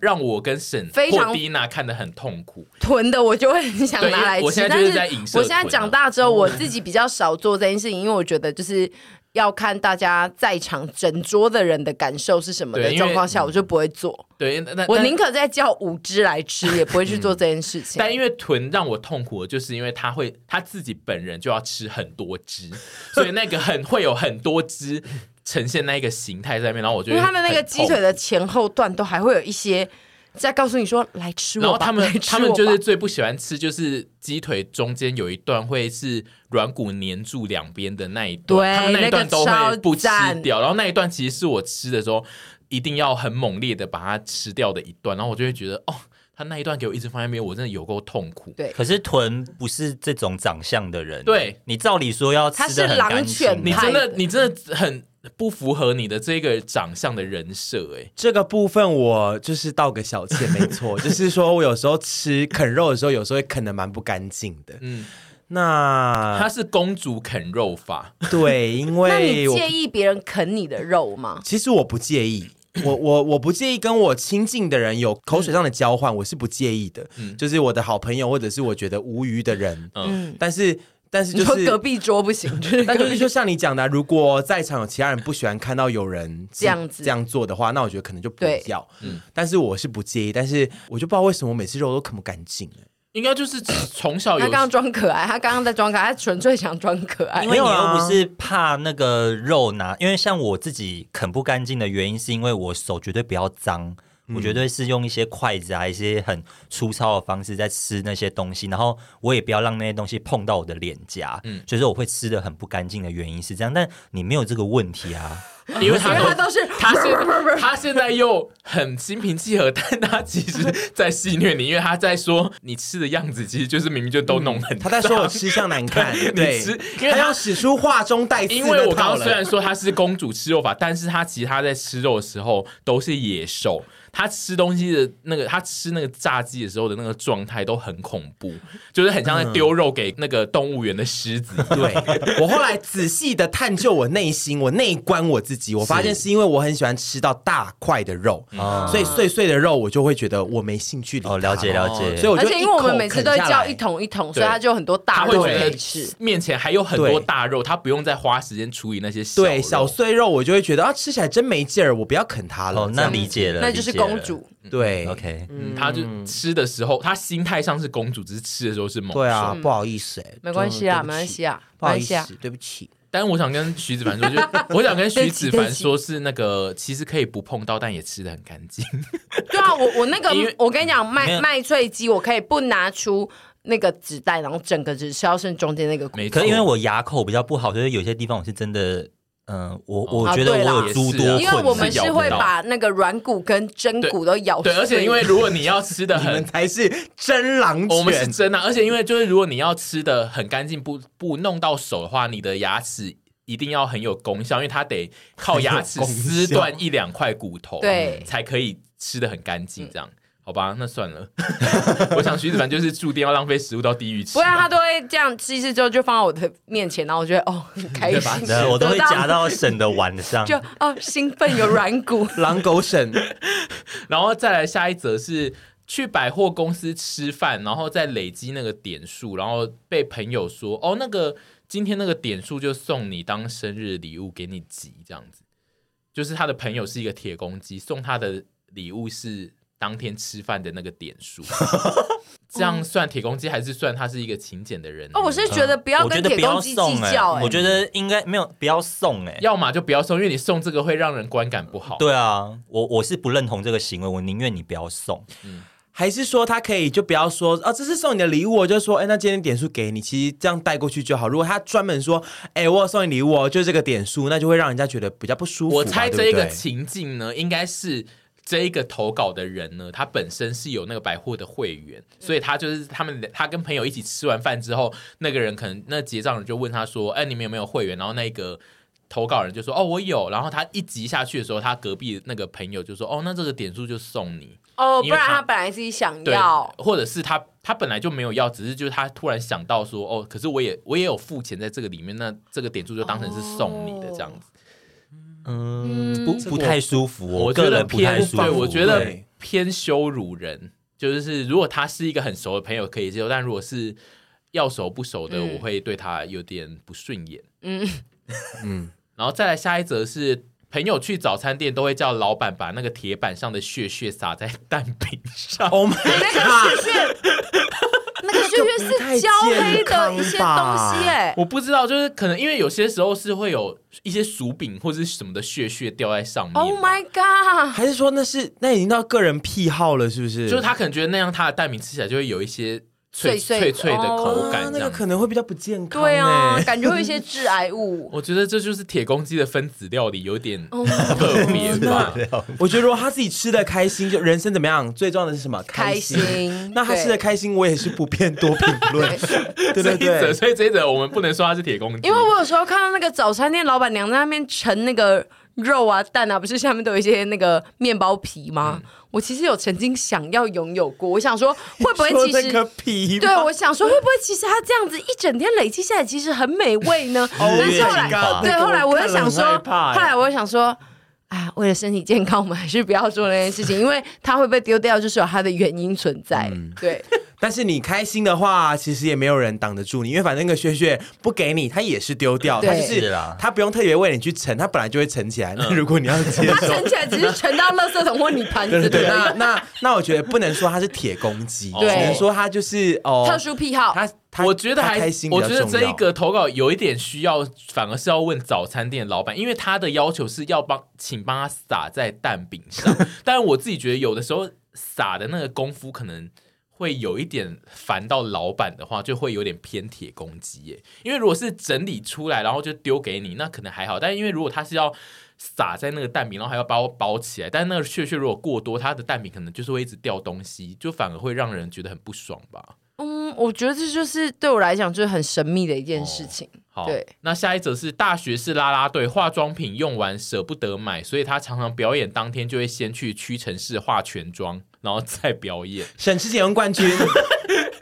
[SPEAKER 2] 讓我跟沈非常霍迪娜看得很痛苦。
[SPEAKER 3] 囤的我就會很想拿來吃。我現在就是在影射。但是我現在長大之後，我自己比較少做這件事情，嗯，因為我覺得就是。要看大家在場整桌的人的感受是什麼的狀況下，我就不會做。
[SPEAKER 2] 對，我寧可
[SPEAKER 3] 再叫五隻來吃，嗯，也不會去做這件事情。但因
[SPEAKER 2] 為豚讓我痛苦的就是因為它會他自己本人就要吃很多隻，所以那個很 會有很多隻呈現那一個形態在面，然後我覺得因為他的那個雞腿的
[SPEAKER 3] 前後段都還會有一些。再告訴你說，來吃我，然後他們他們就是
[SPEAKER 2] 最不喜歡吃，就是雞腿中間有一段會是軟骨粘住兩邊的那一段，對他們那一段都會不吃掉、那個。然後那一段其實是我吃的時候一定要很猛烈的把它吃掉的一段。然後我就會覺得哦，他那一段給我一直放在那邊，我真的有夠痛苦。對，可是豚不是
[SPEAKER 4] 這種長相的人，對，你照理說要吃的是狼犬的，你真的你真的很。
[SPEAKER 2] 不符合你的這個長相的人設、欸，
[SPEAKER 1] 誒，這個部分我就是道個小歉， 沒錯，就是說我有時候吃啃肉的時候，有時候會啃得蠻不乾淨的，嗯，那他
[SPEAKER 3] 是公
[SPEAKER 2] 主啃肉法，
[SPEAKER 1] 對，因為我 你介
[SPEAKER 3] 意別人啃你的肉嗎？
[SPEAKER 1] 其實我不介意，我我我不介意跟我親近的人有口水上的交換、嗯，我是不介意的，嗯，就是我的好朋友或者是我覺得無語的人，嗯，但是。但是就是你說隔
[SPEAKER 3] 壁桌不行，但就是說像
[SPEAKER 1] 你講的、啊， 如果在場有其他人不喜歡看到有人這樣子這樣做的話，那我覺得可能就不要、嗯。但是我是不介意，但是我就不知道為什麼我每次肉都啃不乾淨。
[SPEAKER 3] 應該就是
[SPEAKER 1] 從小有 他剛
[SPEAKER 3] 剛裝可愛，他剛剛在裝可愛，他純粹想裝可愛。因為你又不是
[SPEAKER 1] 怕那個肉拿，
[SPEAKER 4] 因為像我自己啃不乾淨的原因，是因為我手絕對比較髒。我覺得是用一些筷子，啊，一些很粗糙的方式在吃那些東西，然後我也不要讓那些東西碰到我的臉頰，所以說我會吃的很不乾淨的原因是這樣。但你沒有這個問
[SPEAKER 2] 題啊，啊為因為他倒是,他,是 他現在又很心平氣和，但他其實在戲虐你，因為他在說你吃的樣子其實就是明明就都弄很、嗯，他在說我吃相難看， 對,對，
[SPEAKER 1] 因為他要使出畫中帶因為我剛剛雖然
[SPEAKER 2] 說他是公主吃肉法， 但是他其實他在吃肉的時候都是野獸。他吃東西的那個，他吃那個炸雞的時候的那個狀態都很恐怖，就是很像在丟肉給那個動物園的獅子。對, 對，
[SPEAKER 1] 我後來仔細的探究，我內心，我內觀我自己，我發現是因為我很喜歡吃到大塊的肉，嗯，所以碎碎的肉我就會覺得我沒興趣。哦，了解了解。所以我就因為
[SPEAKER 2] 我們每次都會叫一
[SPEAKER 3] 桶一桶，所以他就很多大肉，他會
[SPEAKER 2] 覺得面前還有很多大肉，他不用再花時間處理那些小。對，小
[SPEAKER 1] 碎肉我就會覺得啊，吃起來真沒勁兒，我不要啃它了。哦，那理解了，那就是。公主對，
[SPEAKER 2] 對，OK，她、嗯、就吃的時候，她心態上是公主，只是吃的時候是猛。對啊，嗯、不好意思、欸，沒關係啊，沒關係啊，不好意思、啊，對不起。但是我想跟徐子凡說，就 我想跟徐子凡說，是那個 其實可以不碰到，但也吃得很乾淨。
[SPEAKER 3] 對，對， 對啊，我我那個，我跟你講，麥麥脆雞，我可以不拿出那個紙袋，然後整個只吃要剩中間那個。沒錯，可是因為我
[SPEAKER 4] 牙口比較不好，所以有些地方我是真的。嗯、呃，我、哦、我覺得我有豬多、啊、也是因為我是因為我們是會
[SPEAKER 3] 把那個軟骨跟真骨都咬出來，對，對，而且因為如
[SPEAKER 2] 果你要吃的很 才是真狼犬，我們是真狼、啊，而且因為就是如果你要吃的很乾淨，不不弄到手的話，你的牙齒一定要很有功效，因為它得靠牙齒撕斷一兩塊骨頭，對、嗯，才可以吃的很乾淨這樣。嗯好吧，那算了。 我想徐子凡就是注定要浪費食物到地獄吃。不會、
[SPEAKER 3] 啊，他都會這樣吃一次之後就放到我的面前，然後我覺得哦很開心，對對，我都會夾到沈
[SPEAKER 2] 的碗上。就，就
[SPEAKER 3] 哦興奮有軟骨狼狗沈， 然後再來下
[SPEAKER 2] 一則是去百貨公司吃飯，然後再累積那個點數，然後被朋友說哦那個今天那個點數就送你當生日的禮物給你集這樣子，就是他的朋友是一個鐵公雞，送他的禮物是，當天吃飯的那個點數，
[SPEAKER 4] 這樣
[SPEAKER 2] 算鐵公雞還是算他是一個勤儉的
[SPEAKER 3] 人、 嗯？哦，我是覺得不要跟鐵公雞計、嗯欸、較、欸。哎，我覺得
[SPEAKER 2] 應該沒有，不要送哎、欸。要麼就不要送，因為你送這個會讓人觀感不好。
[SPEAKER 4] 嗯、對啊，我我是不認同這個行為，我寧願你不要
[SPEAKER 1] 送。嗯，還是說他可以就不要說啊，這是送你的禮物，我就是說哎、欸，那今天點數給你，其實這樣帶過去就好。如果他專門說哎、欸，我要送你禮物、哦，就這個點數，那就會讓人家覺得比較不
[SPEAKER 2] 舒服、啊。我猜對不對這一個情境呢，應該是。這一個投稿的人呢，他本身是有那個百貨的會員、嗯，所以他就是他們，他跟朋友一起吃完飯之後，那個人可能那結賬人就問他說：“哎，你們有沒有會員？”然後那個投稿人就說：“哦，我有。”然後他一集下去的時候，他隔壁那個朋友就說：“哦，那這個點數就送你
[SPEAKER 3] 哦，不然他本來自己想要，
[SPEAKER 2] 或者是他他本來就沒有要，只是就是他突然想到說哦，可是我也我也有付錢在這個裡面，那這個點數就當成是送你的這樣子。哦”嗯，不不太、哦、不太舒服。我覺得偏對，我覺得偏羞辱人。就是如果他是一個很熟的朋友，可以接受；但如果是要熟不熟的，嗯、我會對他有點不順眼。嗯，嗯 然後再來下一則是，朋友去早餐店都會叫老板把那個鐵板上的屑屑撒在蛋餅上。
[SPEAKER 3] Oh my God! 那個屑屑，是焦黑的一些東西哎、欸 ，
[SPEAKER 2] 我不知道，就是可能因為有些時候是會有一些薯餅或者什麼的屑屑掉在上面。
[SPEAKER 1] Oh my god！還是說那是那已經到個人癖好
[SPEAKER 2] 了，是不是？就是他可能覺得那樣他的蛋餅吃起來就會有一些。脆,脆脆的口感、哦，那個可
[SPEAKER 1] 能會比較不健
[SPEAKER 3] 康。對啊，感覺會有一些致癌物。
[SPEAKER 2] 我覺得這就是鐵公雞的分子料理有點特別、 哦、是吧。 我覺得如果他自己吃的開心，就人生怎麼樣？
[SPEAKER 1] 最重要的是什麼？開心。開心 那他吃的開心，我也是不便多評論。 對對
[SPEAKER 2] 對。所以這一則，所以這一則我們不能說他是鐵公雞。因
[SPEAKER 3] 為我有時候看到那個早餐店老板娘在那邊盛那個肉啊、蛋啊，不是下面都有一些那個麵包皮嗎？嗯我其實有曾經想要擁有過，我想說會不會其實，對，我想說會不會其實他這樣子一整天累積下來其實很美味呢？ 但是後來 對，後來我又想，想說，後來我又想說。啊，為了身體健康，我們還是不要做那件事情， 因為它會被丟掉，就是有它的原因存在，嗯。
[SPEAKER 1] 對，但是你開心的話，其實也沒有人擋得住你，因為反正那個屑屑不給你，它也是丟掉，它就是它不用特別為你去盛，它本來就會盛起來。嗯，那如果你要它盛 起來只是
[SPEAKER 3] 盛到垃圾桶或你盤子 對，對。那那那，
[SPEAKER 1] 我覺得不能說它是鐵公雞，只能說它就是
[SPEAKER 2] 哦
[SPEAKER 3] 特殊癖好。我覺得還
[SPEAKER 2] 行，我覺得這一個投稿有一點需要，反而是要問早餐店的老闆，因為他的要求是要幫，請幫他撒在蛋餅上。 但是我自己覺得，有的時候撒的那個功夫可能會有一點煩到老闆的話，就會有點偏鐵公雞耶。因為如果是整理出來，然後就丟給你，那可能還好。但因為如果他是要撒在那個蛋餅，然後還要把我包起來，但是那個屑屑如果過多，他的蛋餅可能就是會一直掉東西，就反而會讓人覺得很不爽吧。
[SPEAKER 3] 我覺得這就是對我來講就是很神秘的一件事情。哦、好，對，
[SPEAKER 2] 那下一則是大學是啦啦隊，化妝品用完捨不得買，所以他常常表演當天就會先去屈臣氏，化全妝，然後再表演。
[SPEAKER 1] 省吃儉用冠軍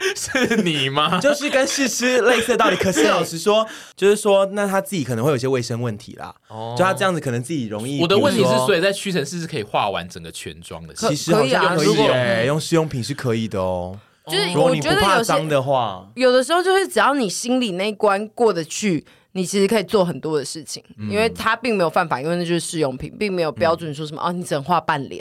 [SPEAKER 2] 是你嗎？ 就是跟試吃類似的道理，可是老實
[SPEAKER 1] 說， 就是說那他自己可能會有些衛生問題啦。哦， 就他這樣子，可能自己容易。我的問題是，所以
[SPEAKER 2] 在屈臣氏是可以化完整個全妝的，
[SPEAKER 1] 其實可以啊，用試用、欸、用試用品是可以的哦。
[SPEAKER 3] 就是我覺得有，如果你不怕髒的話，有的時候就是只要你心裡那一關過得去，你其實可以做很多的事情，嗯、因為他並沒有犯法，因為那就是試用品，並沒有標準說什麼、嗯、哦，你只能畫半臉。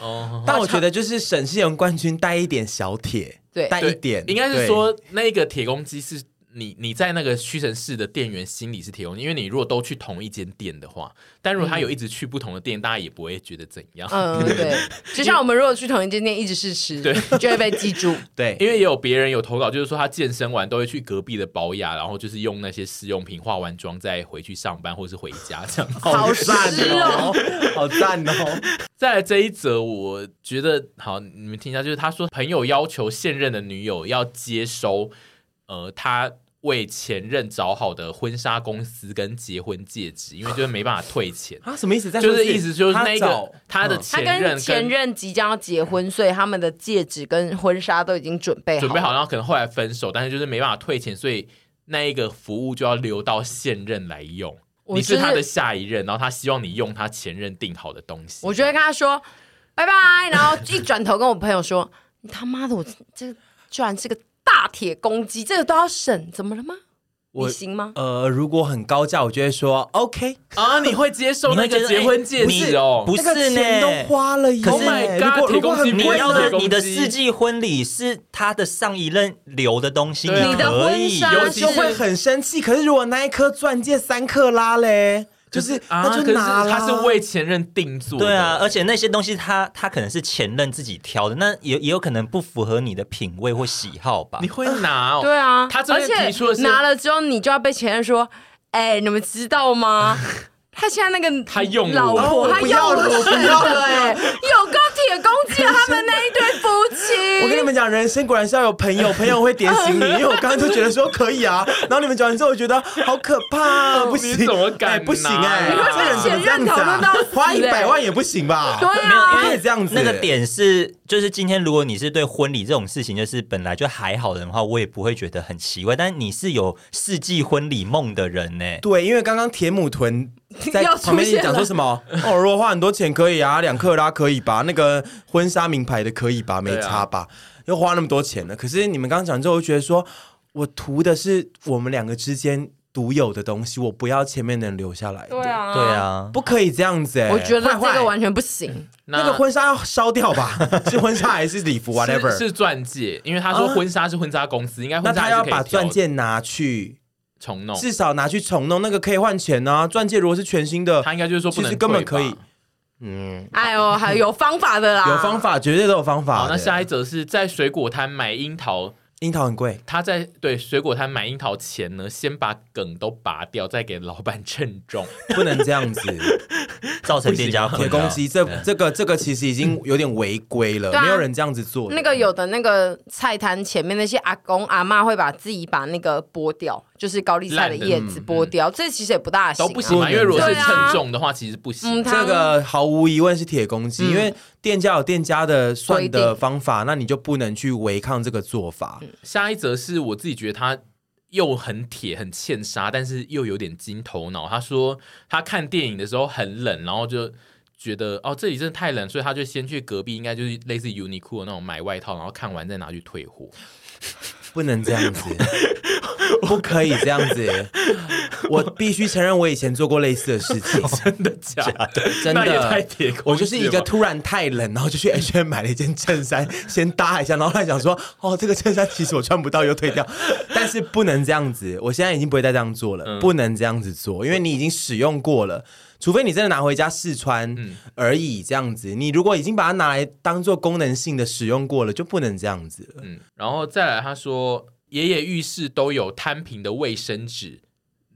[SPEAKER 3] 哦，好
[SPEAKER 1] 好但我覺得就是省吃儉用冠軍帶一點小鐵，對，
[SPEAKER 3] 帶一點，應該是
[SPEAKER 1] 說
[SPEAKER 2] 那個鐵公雞是。你你在那個屈臣氏的店員心裡是鐵公雞，因為你如果都去同一間店的話，但如果他有一直去不同的店，嗯，大家也不會覺得怎樣。嗯，對。就像
[SPEAKER 3] 我們如果去同一間店一直試吃， 就會被記住。
[SPEAKER 2] 對，對，因為也有別人有投稿，就是說他健身完都會去隔壁的寶雅，然後就是用那些試用品化完妝再回去上班或是回家，這樣 好贊帥哦， 好贊帥哦。再來 帥、哦、 這一則，我覺得好，你們聽一下，就是他說朋友要求現任的女友要接收，呃，他。為前任找好的婚紗公司跟結婚戒指，因為就是沒辦法退錢啊？ 他什麼意思？就是意思就是那一個他的前任跟他跟前
[SPEAKER 3] 任即將要結婚，所以他們的戒指跟婚紗都已經準備好了，準備好，
[SPEAKER 2] 然後可能後來分手，但是就是沒辦法退錢，所以那一個服務就要留到現任來用。就是、你是他的下一任，然後他希望你用他前任定好的東西。
[SPEAKER 3] 我就會跟他說拜拜，然後一轉頭跟我朋友說 你他媽的，我這居然是個。打鐵公雞，這個都要省，怎麼了嗎？
[SPEAKER 1] 我行嗎？呃，如果很高價，我就會說 OK
[SPEAKER 2] 啊，你會接受那個結婚戒指哦？不是呢，那個、錢都花了。可是，oh、God, 如果如果很貴，你要
[SPEAKER 4] 的你的世紀婚禮是他的上一任留的東西，啊、你，可以你的婚紗就會很
[SPEAKER 1] 生氣。可是，如果那一顆鑽戒三克拉嘞。就是，那就能、
[SPEAKER 4] 啊、是他是
[SPEAKER 2] 為前任定做
[SPEAKER 4] 對啊，而且那些東西他，他他可能是前任自己挑的，那也也有可能不符合你的品味或喜好吧。你會拿、哦啊？對
[SPEAKER 3] 啊，他最近提出的是，而且拿了之後，你就要被前任說：“哎、欸，你們知道嗎？他現在那個他用老婆，他，他、哦、不要的對，是不了是不了欸、 有夠鐵公雞了他們那一對夫妻。”我跟你
[SPEAKER 1] 們講，人生果然是要有朋友，朋友會點醒你。 因為我剛剛就覺得說可以啊，然後你們講完之後，我覺得好可怕、啊，不行，哎、啊欸，不行怎麼改？這人怎麼這樣子、啊欸，花一百萬也不行吧？沒有、啊，因也這樣子，那個
[SPEAKER 4] 點是，就是今天如果你是對婚禮這種事情，就是本來就還好的人的話，我也不會覺得很奇怪。但是你
[SPEAKER 1] 是有世紀婚禮夢的人呢、欸？對，因為剛剛鐵母豚在旁邊講說什麼？哦，如果花很多錢可以啊，兩克拉可以吧？那個婚紗名牌的可以吧？沒差吧？又花那麼多錢了，可是你們剛講之後，我覺得說我圖的是我們兩個之間獨有的東西，我不要前面的人留下來的。對啊，對啊，不可以
[SPEAKER 2] 這樣子、欸、我覺
[SPEAKER 3] 得他這個完全不行。那，那個婚紗要燒掉吧？
[SPEAKER 2] 是婚紗還是禮服？Whatever，是鑽戒，因為他說婚紗是婚紗公司，嗯、應該那他要把鑽戒拿
[SPEAKER 1] 去重弄，至少拿去重弄，那個可以換錢呢、啊。鑽戒如果是全新的，他應該就
[SPEAKER 2] 是說不能，其實根本可以。
[SPEAKER 3] 嗯，哎呦，還有方法的啦， 有
[SPEAKER 2] 方法，絕對都有方法。好，那下一則是在水果攤買櫻桃，櫻桃很貴。他在對水果攤買櫻桃前呢，先把梗都拔掉，再給老闆稱重， 不能這樣子。 造成店家鐵公雞，這、嗯、
[SPEAKER 1] 這個這個其實已經有點違規了、啊，沒有人
[SPEAKER 3] 這樣子做的。那個有的那個菜攤前面那些阿公阿媽會把自己把那個剝掉，就是高麗菜的葉子剝掉，這其實也不大行、啊、都不行，因為如果是稱重
[SPEAKER 2] 的話、
[SPEAKER 1] 嗯，其實不行、啊嗯。這個毫無疑問是鐵公雞，因為店家有店家的算的方法，那你就不能去違抗這個做法。
[SPEAKER 2] 下一則是我自己覺得他。又很鐵，很欠殺，但是又有點金頭腦。他說他看電影的時候很冷，然後就覺得哦，這裡真的太冷，所以他就先去隔壁，應該就是類似優衣庫的那種買外套，然後看完再拿去退貨。
[SPEAKER 1] 不能這樣子。 不可以這樣子，我必須承認，我以前做過類似的事情。真的假的？真的太鐵。我就是一個突然太冷，然後就去 H M 買了一件襯衫，先搭一下。然後來講說：“哦，這個襯衫其實我穿不到，又退掉。”但是不能這樣子，我現在已經不會再這樣做了。不能這樣子做，因為你已經使用過了，除非你真的拿回家試穿而已。這樣子，你如果已經把它拿來當做功能性的使用過了，就不能這樣子。
[SPEAKER 2] 嗯，然後再來，他說。爺爺浴室都有攤平的衛生紙，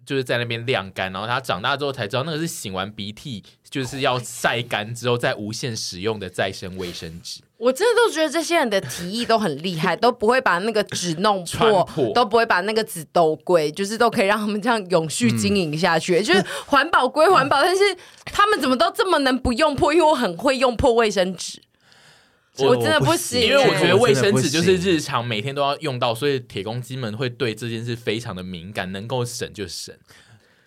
[SPEAKER 2] 就是在那邊晾乾。然後他長大之後才知道，那個是擤完鼻涕就是要曬乾之後再無限使用的再生衛生紙。
[SPEAKER 3] 我真的都覺得這些人的提議都很厲害， 都不會把那個紙弄破，破，都不會把那個紙都歸，就是都可以讓他們這樣永續經營下去。嗯，就是環保歸環保，嗯，但是他們怎麼都這麼能不用破？因為我很會用破衛生紙。我真，我真的不行，因為我覺得衛生紙就是
[SPEAKER 2] 日常每天都要用到這個，所以鐵公雞們會對這件事非常的敏感，能夠省就省。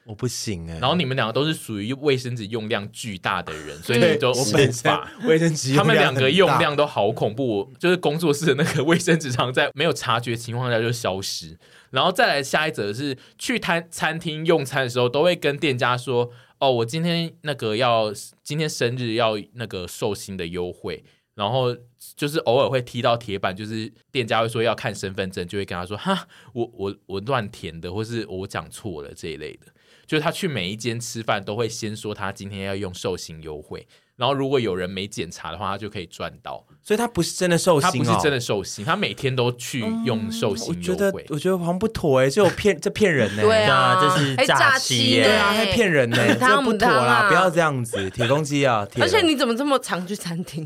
[SPEAKER 2] 我不行哎、欸，然後你們兩個都是屬於衛生紙用量巨大的人， 所以你就無法衛生紙。他們兩個用量都好恐怖， 就是工作室的那個衛生紙，常在沒有察覺情況下就消失。然後再來下一則是，是去餐餐廳用餐的時候，都會跟店家說：“哦，我今天那個要今天生日，要那個壽星的優惠。”然後就是偶爾會踢到鐵板，就是店家會說要看身份證，就會跟他說哈，我我我亂填的，或是我講錯了這一類的。就是他去每一間吃飯都會先說他今天要用壽星優惠，然後如果有人沒檢查的話，他就可以賺到。所以他不是真
[SPEAKER 1] 的壽星、哦，他不是真的
[SPEAKER 2] 壽星，他每天都去用壽星優惠、嗯、我
[SPEAKER 1] 覺得我覺得好像不妥哎、欸，這有騙，這騙人呢、欸 啊。那啊，這是詐欺，期。對啊，對騙人呢、欸，這 不妥啦，不要
[SPEAKER 2] 這樣子，鐵公雞啊！而且
[SPEAKER 3] 你怎麼這麼常去餐廳？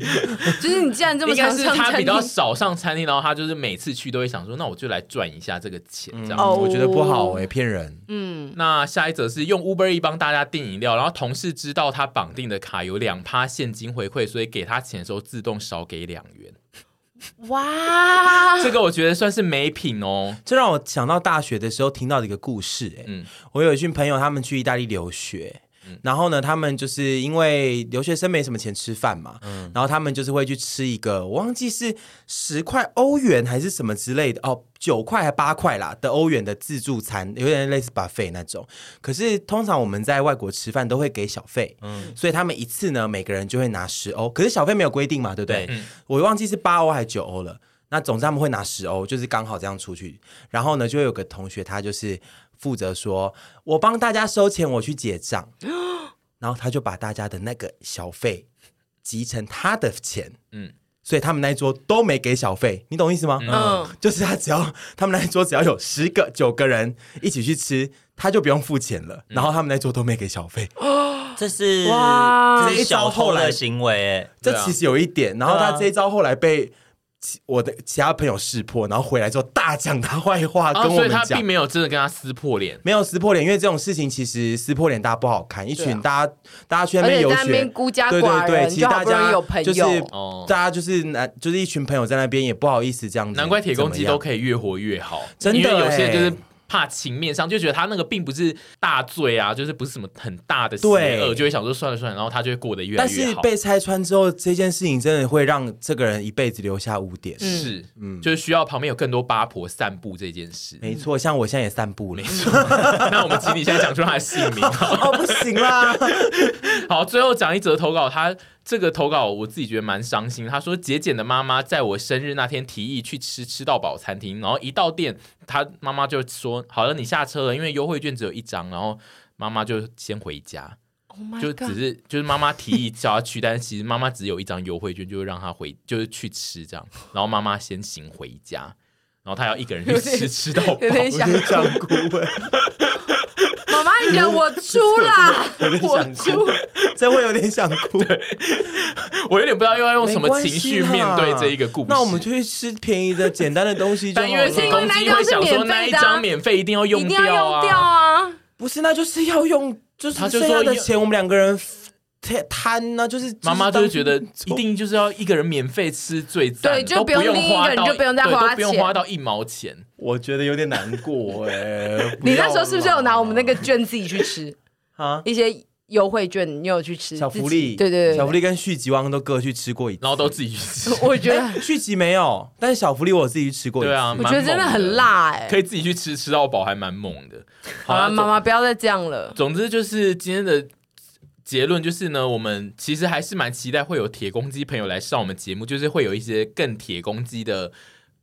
[SPEAKER 3] 就是你既然這麼常是他比較
[SPEAKER 2] 少上餐廳， 然後他就是每次去都會想說，那我就來賺一下這個錢，嗯、這樣子、哦、我覺得不好哎、欸，騙人。嗯，那下一則是用 Uber Eats 幫大家訂飲料，然後同事知道他綁定的卡有兩趴現金回饋，所以給他錢的時候自動少給一點。兩元，哇！這個我覺得算是美品哦。這讓我想到大學的時
[SPEAKER 1] 候聽到的一個故事，欸，嗯，我有一群朋友，他們去意大利留學。然後呢，他們就是因為留學生沒什麼錢吃飯嘛，嗯、然後他們就是會去吃一個我忘記是十塊歐元還是什麼之類的哦，九塊還八塊啦的歐元的自助餐，有點類似 buffet 那種。可是通常我們在外國吃飯都會給小費，嗯、所以他們一次呢每個人就會拿十歐，可是小費沒有規定嘛，對不對？對，嗯、我忘記是八歐還是九歐了。那總之他們會拿十歐，就是剛好這樣出去。然後呢，就會有個同學他就是。負責說，我幫大家收錢，我去結賬，然後他就把大家的那個小費集成他的錢，嗯，所以他們那一桌都沒給小費，你懂意思嗎？嗯，就是他只要他們那一桌只要有十個九個人一起去吃，他就不用付錢了，嗯、然後他們那一桌都沒給小費，
[SPEAKER 4] 這是哇，這一招後來的行為、
[SPEAKER 1] 欸，這其實有一點、啊，然後他這一招後來被。我的其他朋友識破，然後回來之後大講他壞話，跟我們講、啊，所以他並
[SPEAKER 2] 沒有真的跟他撕破臉，
[SPEAKER 1] 沒有撕破臉，因為這種事情，其實撕破臉大家不好看，一群大家、啊、大家去那邊遊學，孤家寡人，對對對，其實大家就是、哦、大家就是就是一群朋友在那邊也不好意思這樣子，難怪鐵公雞都可
[SPEAKER 2] 以越活越好，真的有些就是。欸怕情面上就覺得他那個並不是大罪啊，就是不是什麼很大的罪惡，就會想說算了算了，然後他就會過得越來越好。但是被
[SPEAKER 1] 拆穿之後，這件事情真的會讓這個人一輩子留下污點。嗯、是，
[SPEAKER 2] 嗯，就是需要旁邊有更多八婆散布這件事。沒
[SPEAKER 1] 錯，像我現在也散
[SPEAKER 2] 布了。嗯、 那我們請你先講出他的姓名， 好、哦，不行啦。好，最後講一則投稿，他。這個投稿我自己覺得蠻傷心。他說：“節儉的媽媽在我生日那天提議去吃吃到飽餐廳，然後一到店，他媽媽就說：‘好了，你下車了，因為優惠券只有一張。’然後媽媽就先回家
[SPEAKER 5] ，oh、就只
[SPEAKER 2] 是就是媽媽提議叫他去，但其實媽媽只有一張優惠券，就讓他回就是去吃這樣。然後媽媽先行回家，然後他要一個人去吃吃到飽，有點，有點想哭。 ”
[SPEAKER 3] 媽耶！ 我出了，
[SPEAKER 2] 我
[SPEAKER 1] 真會有點想哭。 對，我有點不知道又要用什麼情緒面、啊、面對這一個故事。那我們去吃便宜的、簡單的東西就，就因為那一張是免費的、啊。一定要用掉啊。不是，那就是要用，就是所有的錢，我們兩個人付。太貪呢，就是媽媽都覺得
[SPEAKER 2] 一定就是要一個人免費吃最讚，對，就不用另一個人，就不用再花，不用花到一毛錢，我覺得有點難過哎、欸 啊。你那時候是不是有
[SPEAKER 3] 拿我們那個券自己去吃啊？一些優惠券你有去吃？小福利，對對,對,對小福利
[SPEAKER 1] 跟續集我剛剛都各去吃過一次，然後都自己去吃。我,
[SPEAKER 3] 我覺得、 哎、續
[SPEAKER 2] 集沒有，但是小福利我有自己去吃過一次，對啊，我覺得真的很辣哎、欸，可以自己去吃吃到飽，還蠻猛的。好了，媽媽、
[SPEAKER 3] 啊、不要再這樣了。
[SPEAKER 2] 總之就是今天的。結論就是呢，我們其實還是蠻期待會有鐵公雞朋友來上我們節目，就是會有一些更鐵公雞的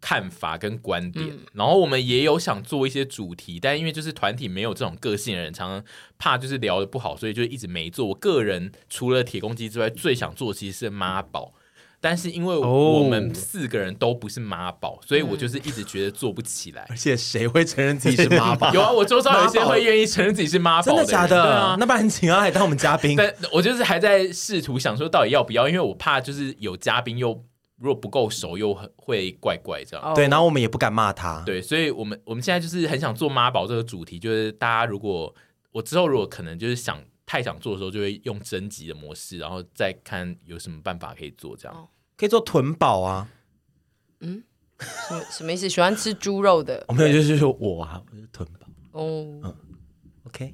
[SPEAKER 2] 看法跟觀點。嗯。然後我們也有想做一些主題，但因為就是團體沒有這種個性的人，常常怕就是聊得不好，所以就一直沒做。我個人除了鐵公雞之外，最想做其實是媽寶。但是因為我們四個人都不是媽寶，oh. 所以我就是一直覺得做不起來。而且誰會承認自己是媽寶？ 有啊，我周遭有一些會願意承認自己是媽寶的。真的假的？對啊，那不然請他來當我們嘉賓。 但我就是還在試圖想說到底要不要，因為我怕就是有嘉賓又如果不夠熟又會怪怪這樣。Oh. 對，
[SPEAKER 1] 然後我們也不敢罵他。對，
[SPEAKER 2] 所以我們我們現在就是很想做媽寶這個主題，就是大家如果我之後如果可能就是想。太想做的時候，就會用徵集的模式，然後再看有什麼辦法可以做，這樣、
[SPEAKER 1] 哦、可以做豚堡啊？嗯
[SPEAKER 3] 什，什麼意思？喜歡吃豬肉的？
[SPEAKER 1] 我、 哦、沒有，就是說我啊，豚堡
[SPEAKER 3] 哦，OK